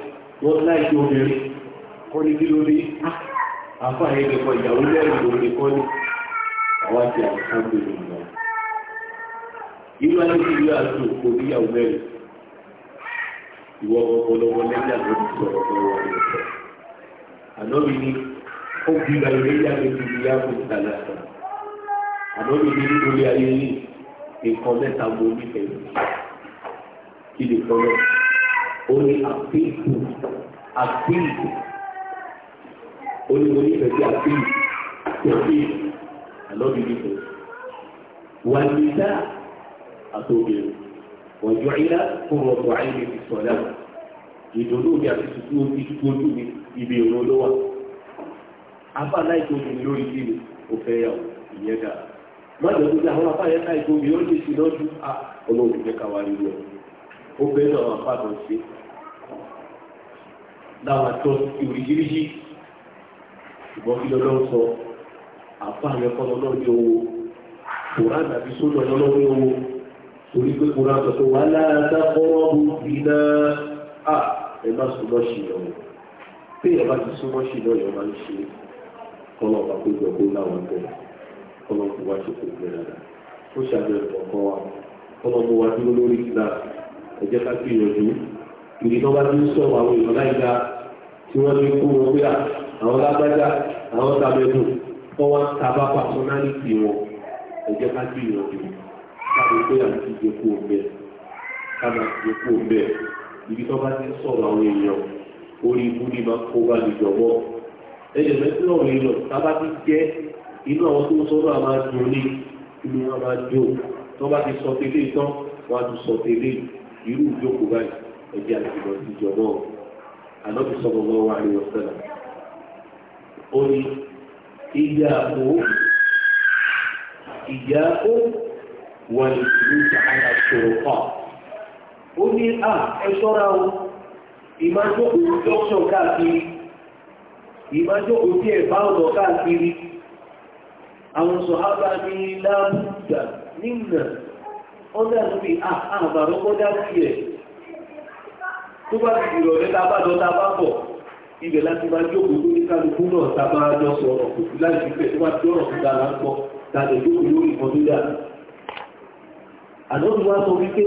Speaker 1: wọ́n láìsí obìnrin kọ́ ní kí lórí afọ́ ah, àyẹ̀dẹ̀ kan ìyàwó lẹ́rù lórí kọ́ ní àwọn àti àwọn sáńgbèrè ìgbà irú ayélujára ìlú àti òkú oníyàwó mẹ́rin ìwọ ọ̀pọ̀lọpọ̀ lẹ́yìn àgbẹ̀bí sọ̀rọ̀ lọ́wọ́ ọ̀rọ̀ ànọ́bì ni ó bí ayé lẹ́yìn àgbẹ̀bí ìyá fún ìtàlẹ̀ àtọ̀ ànọ́bì ni nítorí kí ni kọ́ oní àfíìkù àfíìkù oníwòní ìfẹ̀sí àfíìkù àfíìkù àlọ́bí nípò wà nígbà àtòbìnrin wọ́n jọ ilá fún ọkọ̀ àìlè ti sọ̀dá ìdùnnú mi àti tutù omi tutù ojú mi ibi ìrún olówà afá láìpẹ́ ojú mi lórí sí mi ò fẹ́ yà ìyẹn dáa mọ́jọ́ tó jẹ́ àwọn afá yẹn láìpẹ́ omi ó lè ṣe lọ́dún ah, ọlọ́run jẹ́ káwa rí rẹ̀ ó bẹ́ẹ̀ náà afá kan ṣe láwọn àjọ ìrìṣiríṣi ṣùgbọ́n kí lọ́lọ́ sọ àfáàyẹ kọ́lọ́ náà ní owó koran àbí sódò lọ́lọ́ ní owó torí pé koran sọ pé wà láàdá kọ́rọ́ bú iná à ẹ má súnmọ́ sí lọ pé ẹ bá ti súnmọ́ sí lọ yọ máa ń ṣe kọ́lọ́ ọba kó jọ kó láwọn bẹ̀rẹ̀ kọ́lọ́ kó wá ṣe kó bẹ̀rẹ̀ dáadáa ó ṣàbẹ̀wò ọ̀kọ́ wa kọ́lọ́ mú wa dúró lórí ìlà ẹ̀jẹ̀ ká ìdí tó bá ti ń sọ̀rọ̀ àwọn èèyàn láì dáa tí wọ́n ti kú wọn pé àwọn lágbájá àwọn tàbẹ̀dùn kọ́ wá tábà pàṣọ́nálìtì wọn ẹ̀jẹ̀ ká gbé ìrọ̀lẹ́ káàbí pé àti ìjẹkù ọ̀bẹ káàbí ìjẹkù ọ̀bẹ ìdí tó bá ti ń sọ̀rọ̀ àwọn èèyàn orí ibú ni máa kó bá lè jọ̀bọ́ ẹ̀jẹ̀ mẹ́tí náà lè lọ tábà ti jẹ́ inú àwọn tó ń sọ ẹbí àtìlọ ìjọ náà ànábi sọ̀rọ̀ lọ́wọ́ wa ni ọ̀sẹ̀lá ó ní ìyá ó ìyá ó wà ní ìlú ìjàkadà ṣòro pa ó ní à ẹ ṣọ́ra o ìmájókòó dọ́kṣọ̀n káàkiri ìmájókòó tí ẹ̀ bá ọ̀nà káàkiri àwọn sọ̀hábà ní láàbùdà nínà ọ̀dà lórí àbàrọ̀gbọ́dá sí ẹ̀ tó bá ti ìrọ̀lẹ́ ta bá lọ ta bá bọ̀ ibẹ̀ láti máa jókòó tó ní kálukú náà ta máa lọ sọ̀rọ̀ kò sí láì fífẹ́ tó bá ti ọ̀rọ̀ tó dára ń pọ̀ ta lè jókòó lórí ìkan tó dà. àdókòó wa sọ wípé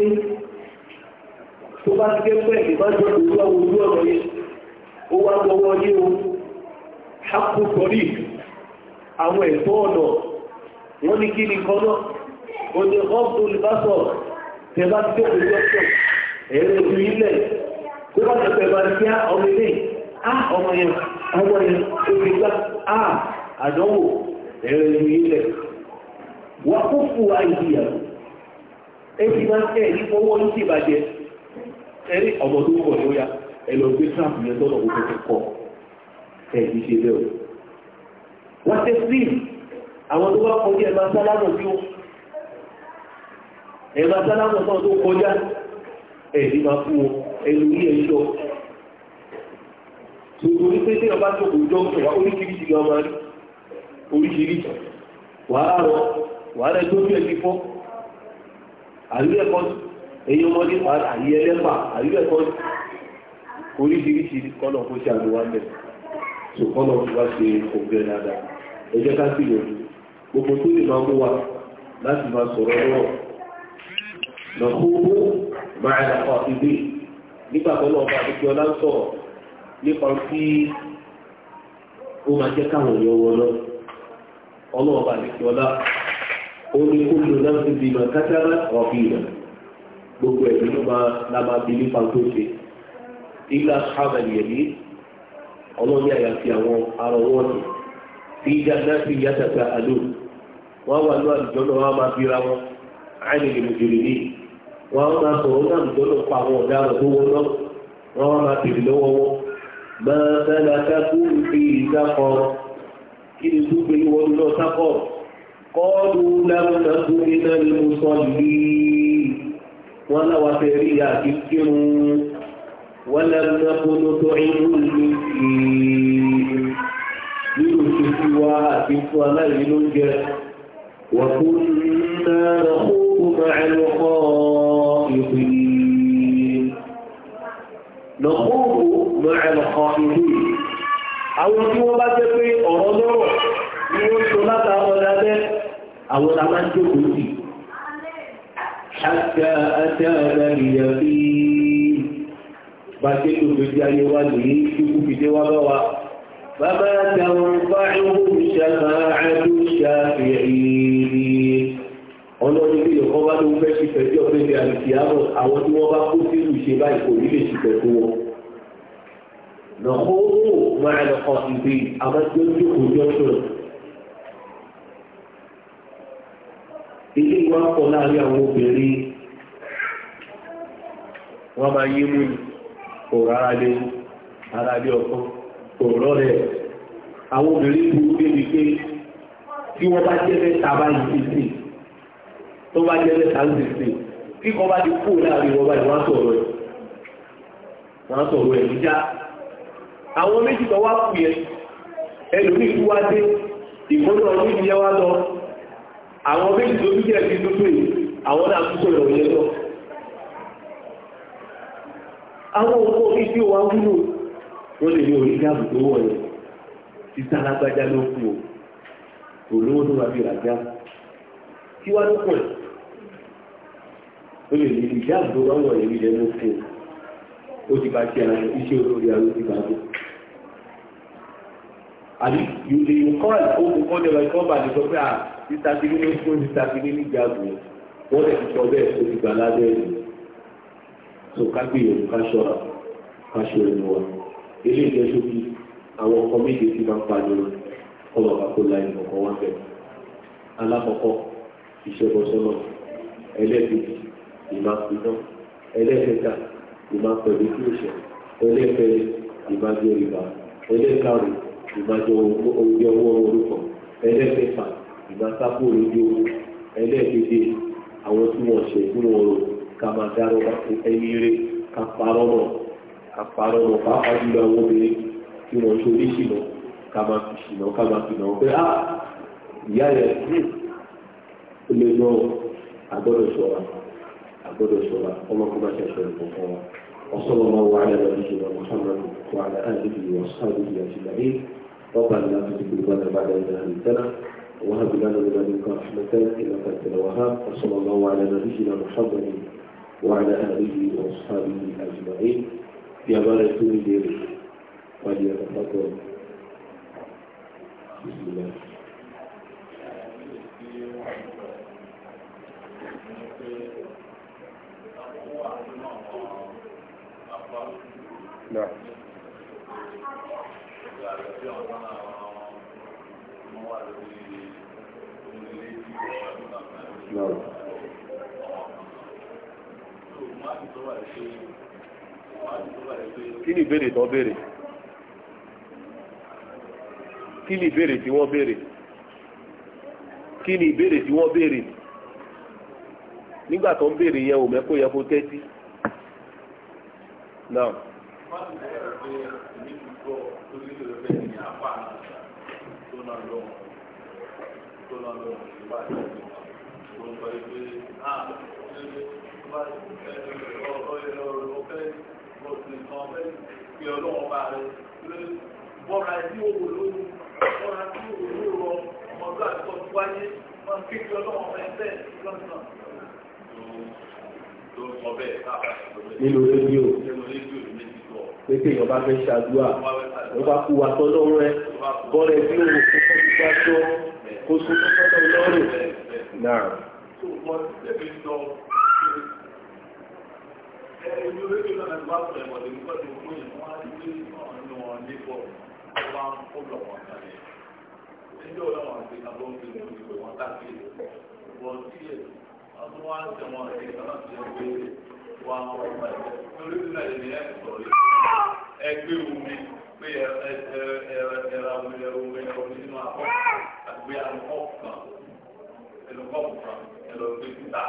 Speaker 1: tó bá ti kẹ́kọ̀ọ́ ẹ̀ bá jọ òwú àwọn ojú ọ̀rọ̀ yẹn ó wá lọ́wọ́ yé o hápù sọ̀rí àwọn ẹ̀tọ́ ọ̀nà wọ́n ní kí ni kan náà ó ní ọ́pù kó wọ́n ti pẹ̀lú àti ọmọ ilé á ọmọ yẹn ọmọ yẹn omi gbá á àdánwò ẹ̀rọ ìlú ilẹ̀ wà kó fún wa ìdíyà ẹbí máa ń tẹ̀ ní fọwọ́ ní ìbàjẹ́ ẹ̀rí ọmọ tó wọ̀ ní ó yá ẹ̀lọ́ gbé trump yẹn tọ́nà gbogbo ti kọ́ ẹ̀bí ṣe bẹ́ẹ̀ o wọ́n ti sí àwọn tó bá kọjá ẹ̀ma sálámù bí ó ẹ̀ma sálámù tó kọjá ẹ̀bí máa fún wọn ẹ̀lú ní ẹ̀ṣọ́ gbogbo ní pé tí ọba tó kò jọ ìwà oríṣiríṣi gan máa rí oríṣiríṣi wàhálà rọ wàhálà tó bí ẹbí fọ́ àlú ẹ̀kọ́ ẹ̀yìn ọmọdé àyè ẹlẹ́pà àlú ẹ̀kọ́ oríṣiríṣi kọ́nà kó ṣe àlùwà mẹ́rin tó kọ́nà tó wá ṣe ògbẹ́ dáadáa ẹ jẹ́ ká sì lòdì gbogbo tó lè máa mú wa láti máa sọ̀rọ̀ lọ́wọ́ lọ́kọ́ máa ẹ̀kọ́ nígbà tó náà bá àdúgbò ọlá ń sọ̀rọ̀ nípa tí ó máa jẹ́ káwọn èèyàn wọ lọ ọlọ́ọ̀bà àdúgbò ọlá ó ní kó náà ti ọ̀bí rẹ̀ gbogbo ẹ̀mí ló máa la bí nípa tó ṣe ilá arọ wọn wọn a máa sọ̀rọ̀ náà lùjọ́ ló pa àwọn ọ̀daràn tó wọ́n náà wọn a máa bèrè lọ́wọ́ wọn. máa sára sákú fi ìsákọ̀ kí ni tó gbé wọn lọ sákọ̀ kọ́ọ̀lù lámúnàkú iná ni mo sọ yìí wọn láwa fẹ́ rí àti kírun wọn lámúnàkú ló tó inú mi kì nínú ìṣesí wa àti fún aláìní ló ń jẹ. وكنا نخوض مع الخائضين نخوض مع الخائضين àwọn tí wọ́n bá jẹ́ pé ọ̀rọ̀ lọ́rọ̀ ni wọ́n sọ látàwọn dáadẹ́ àwọn ta máa ń jókòó sí ṣáṣá àti àdáríyà bí bá ṣe tó fi di ayé wa lè ṣe kú fi dé wá bá wa فما تنفعهم شفاعة الشافعين ọlọ́run ilé ìyọ̀kọ́ bá ló ń fẹ́ ṣe fẹ́jọ́ lórí àlùkìyàmọ̀ àwọn tí wọ́n bá kó sínú ìṣe báyìí kò ní lè ṣe fẹ́jọ́ wọn. nàkó ó máa ń kọ́ ìgbé àwọn tí ó jókòó jọ́sùn. ilé ìwà ń láàrin àwọn obìnrin wọ́n máa yé mú ọ̀rọ̀ ara lé ara lé ọkàn ọ̀rọ̀ rẹ̀ àwọn obìnrin burú débi pé tí wọ́n bá jẹ́ mẹ́ta bá yìí ti sè tó bá jẹ́ mẹ́ta ń ti sè tí wọ́n bá ti kú láàrin wọn báyìí wọ́n á sọ̀rọ̀ ẹ̀ wọ́n á sọ̀rọ̀ ẹ̀ níjà àwọn méjì kan wá kù yẹn ẹlòmíì tó wá dé ìkọ́nà ọdún ìyẹn wá lọ àwọn méjì tó bíjẹ́ ti dúdú yìí àwọn náà tún sọ̀rọ̀ yẹn lọ àwọn òkú òfin tí wọ́n á wúlò wọ́n lè ní onígáàbù tó wọ̀ yẹn títà lágbájá ló kú o kò lówó tó máa fi rà já kí wá ló pọ̀ ó lè ní ìjáàbù tó bá wọ̀ yẹn ní ilẹ̀ kú o ó ti bá ṣe àwọn iṣẹ́ olórí àwọn ti bá tó. àbí ìlú ìkọ́ ìkókò kọ́ lè wọ́n kọ́ bà ní sọ pé à títà sí ní ó fún títà sí ní ìjáàbù wọ́n lè sọ bẹ́ẹ̀ ó ti gbà lábẹ́ ẹ̀ so ká gbìyànjú ká ṣọ́ra ká ṣe ẹnu wa ilé ìjọsọ bí àwọn ọkọ méje ti máa ń pa lórí ọmọ àpapọ̀ láì ọkọ̀ wá bẹ̀rẹ̀ alákọ̀ọ́kọ́ ìṣẹ́bọsọ́nà ẹlẹ́ẹ̀kejì ìmáàpinná ẹlẹ́ẹ̀kẹta ìmáàpẹ̀lú kí òṣè ẹlẹ́ẹ̀kẹrin ìmájọ ìbá ẹlẹ́ẹ̀karùn ìmájọ oúnjẹ owó orúkọ ẹlẹ́ẹ̀kẹfà ìmásápò lójú owó ẹlẹ́ẹ̀keje àwọn tí wọ́n ṣe fún wọn ká máa dárọ́ ẹni àparọ́ wọn pàápàá jùlọ àwọn obìnrin tí wọ́n ṣe oníṣìnà ká máa ṣìnà ká máa fi á ìyá yẹn ó lè gbọ́ àgbọ́dọ̀ ṣọ́ra àgbọ́dọ̀ ṣọ́ra ọmọkùnrin máa ṣẹ̀ṣọ́ ìfọ̀fọ́ wa. وصلى الله على اله واصحابه اجمعين ربنا وهب لنا من لدنك رحمة إنك أنت الوهاب وصلى الله على نبينا محمد وعلى آله وأصحابه أجمعين tí a bá rẹ̀ tó ń lè rè pàdé ọ̀rọ̀ pápọ̀ ìṣúná. Yeah. No kí ni ìbéèrè tó béèrè kí ni ìbéèrè tí wọ́n béèrè kí ni ìbéèrè tí wọ́n béèrè nígbà tó ń béèrè yẹn ò mẹ́kó yẹ kó tẹ́tí náà. Thank òsì kan fẹ́ fi ọlọ́wọ́ bá rẹ̀ bọ́ra tí ó wò lóru bọ́ra tí ó wò lóru ọ ọmọdé àtọ́ tó wáyé wọn kéde ọlọ́wọ́ fẹ́ bẹ́ẹ̀ lọ́sàn-án. Nínú rédíò, pété èèyàn bá fẹ́ ṣàdúrà, ó bá kú wa tọ́ lọ́wọ́ ẹ, bọ́ọ̀lù ẹbí o kò fọ́ ti gbá tó, kó sún fọ́tọ̀ lọ́rùn. Náà ẹni olóyè náà ti bá sọ ẹ̀wọ̀n lè nípa ti fún yẹn wọ́n á ti gbé náà ní wọn lébọ̀ tó bá ń kó lọ wọn kalẹ̀ ẹjọ́ ọlọ́wọ́n àti àbọ̀ ń fi lè fi pè wọ́n káàkiri bọ̀ sí ẹ̀ ọdún wa ń tẹ̀ wọn ẹ̀ kọ́nà ti ẹ̀ pé wọ́n á wọ́n pa ẹ̀ lórí ìlú náà ìrìn ẹ̀ sọ̀rọ̀ ẹgbẹ́ omi pé ẹ ẹ ẹ ẹ ra omi ẹ omi ẹ omi nínú àkọ́ àgbẹ̀ àlùkò kan ẹlùkọ́ kan ẹlọ́gbẹ́ títà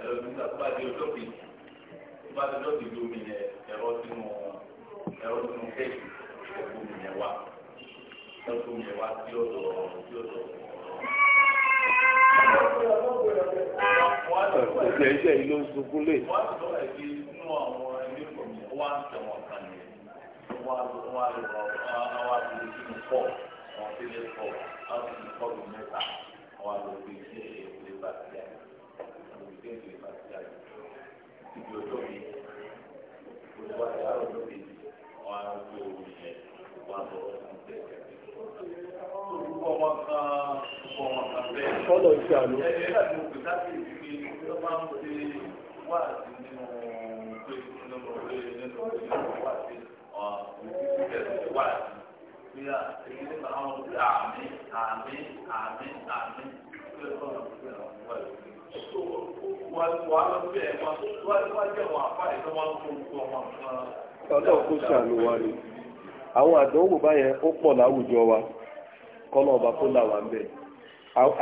Speaker 1: ẹlọ́gbẹ́ títà tó bá di ọjọ́ kejì tó bá tẹjọ́ ti domi yẹ ẹ̀rọ sínú ẹ̀rọ sínú kéèkì ẹ̀gbọ́n mi yẹ wá ẹ̀gbọ́n mi yẹ wá sí ọ̀dọ̀ sí ọ̀dọ̀. Ẹ̀sẹ̀ ẹ̀sẹ̀ yìí ló ń sunkún lé. Wọ́n ti sọ̀rọ̀ ẹ̀sìn nínú àwọn ẹgbẹ́ ìfọ̀mù yẹn, wọ́n á ń tẹ̀wọ̀n kan yẹn, wọ́n á lọ wọ́n á lọ wọ́n á ti lè sínú pọ̀, wọ́n á ti lè pọ̀, wọ́n á ti lè pọ̀ lù mẹ́ta, wọ́n á lọ gbé iṣẹ́ ìwé bàtìyà, olùgbé ìwé bàtìyà yìí ibi ọjọ́ olùwà ti àwọn wọn á gbé omi wọn á bọ̀ sí ìtẹ̀. Kọ́lọ̀ ìṣe àlọ́. Ẹni nígbà tí mo pè láti máa ń ṣe wáàsí nínú nínú pé nínú pé nínú wáàsí ọ̀hún ọlọ́run kó ni àwọn àdánwò báyẹn ó pọ̀ láwùjọ wa kọ́nà ọba kó là wà ń bẹ̀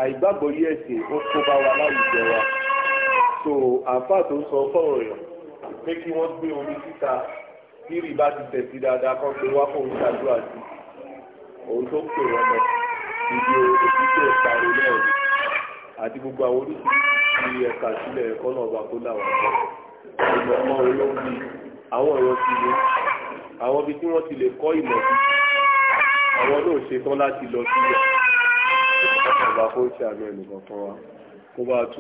Speaker 1: àìgbàgbọ́ yí ẹ̀sìn ó kó bá wa láwùjọ wa so àáfàá tó ń sọ fọ́ọ̀rọ̀ rẹ̀ pé kí wọ́n gbé omi síta rírì bá ti tẹ̀sí dáadáa kan pé wá fóun ṣàdúrà sí òun tó pè wọ́n lọ ìdí òṣìṣẹ́ náà àti gbogbo àwọn oríṣiríṣi. fi ẹ̀ka sílẹ̀ ẹ̀kọ́ náà bá kó láwọn ọ̀dọ́ ìmọ̀ ọmọ olóògbé àwọn ọ̀rọ̀ ti lé àwọn ibi tí wọ́n ti lè kọ́
Speaker 2: ìmọ̀ sí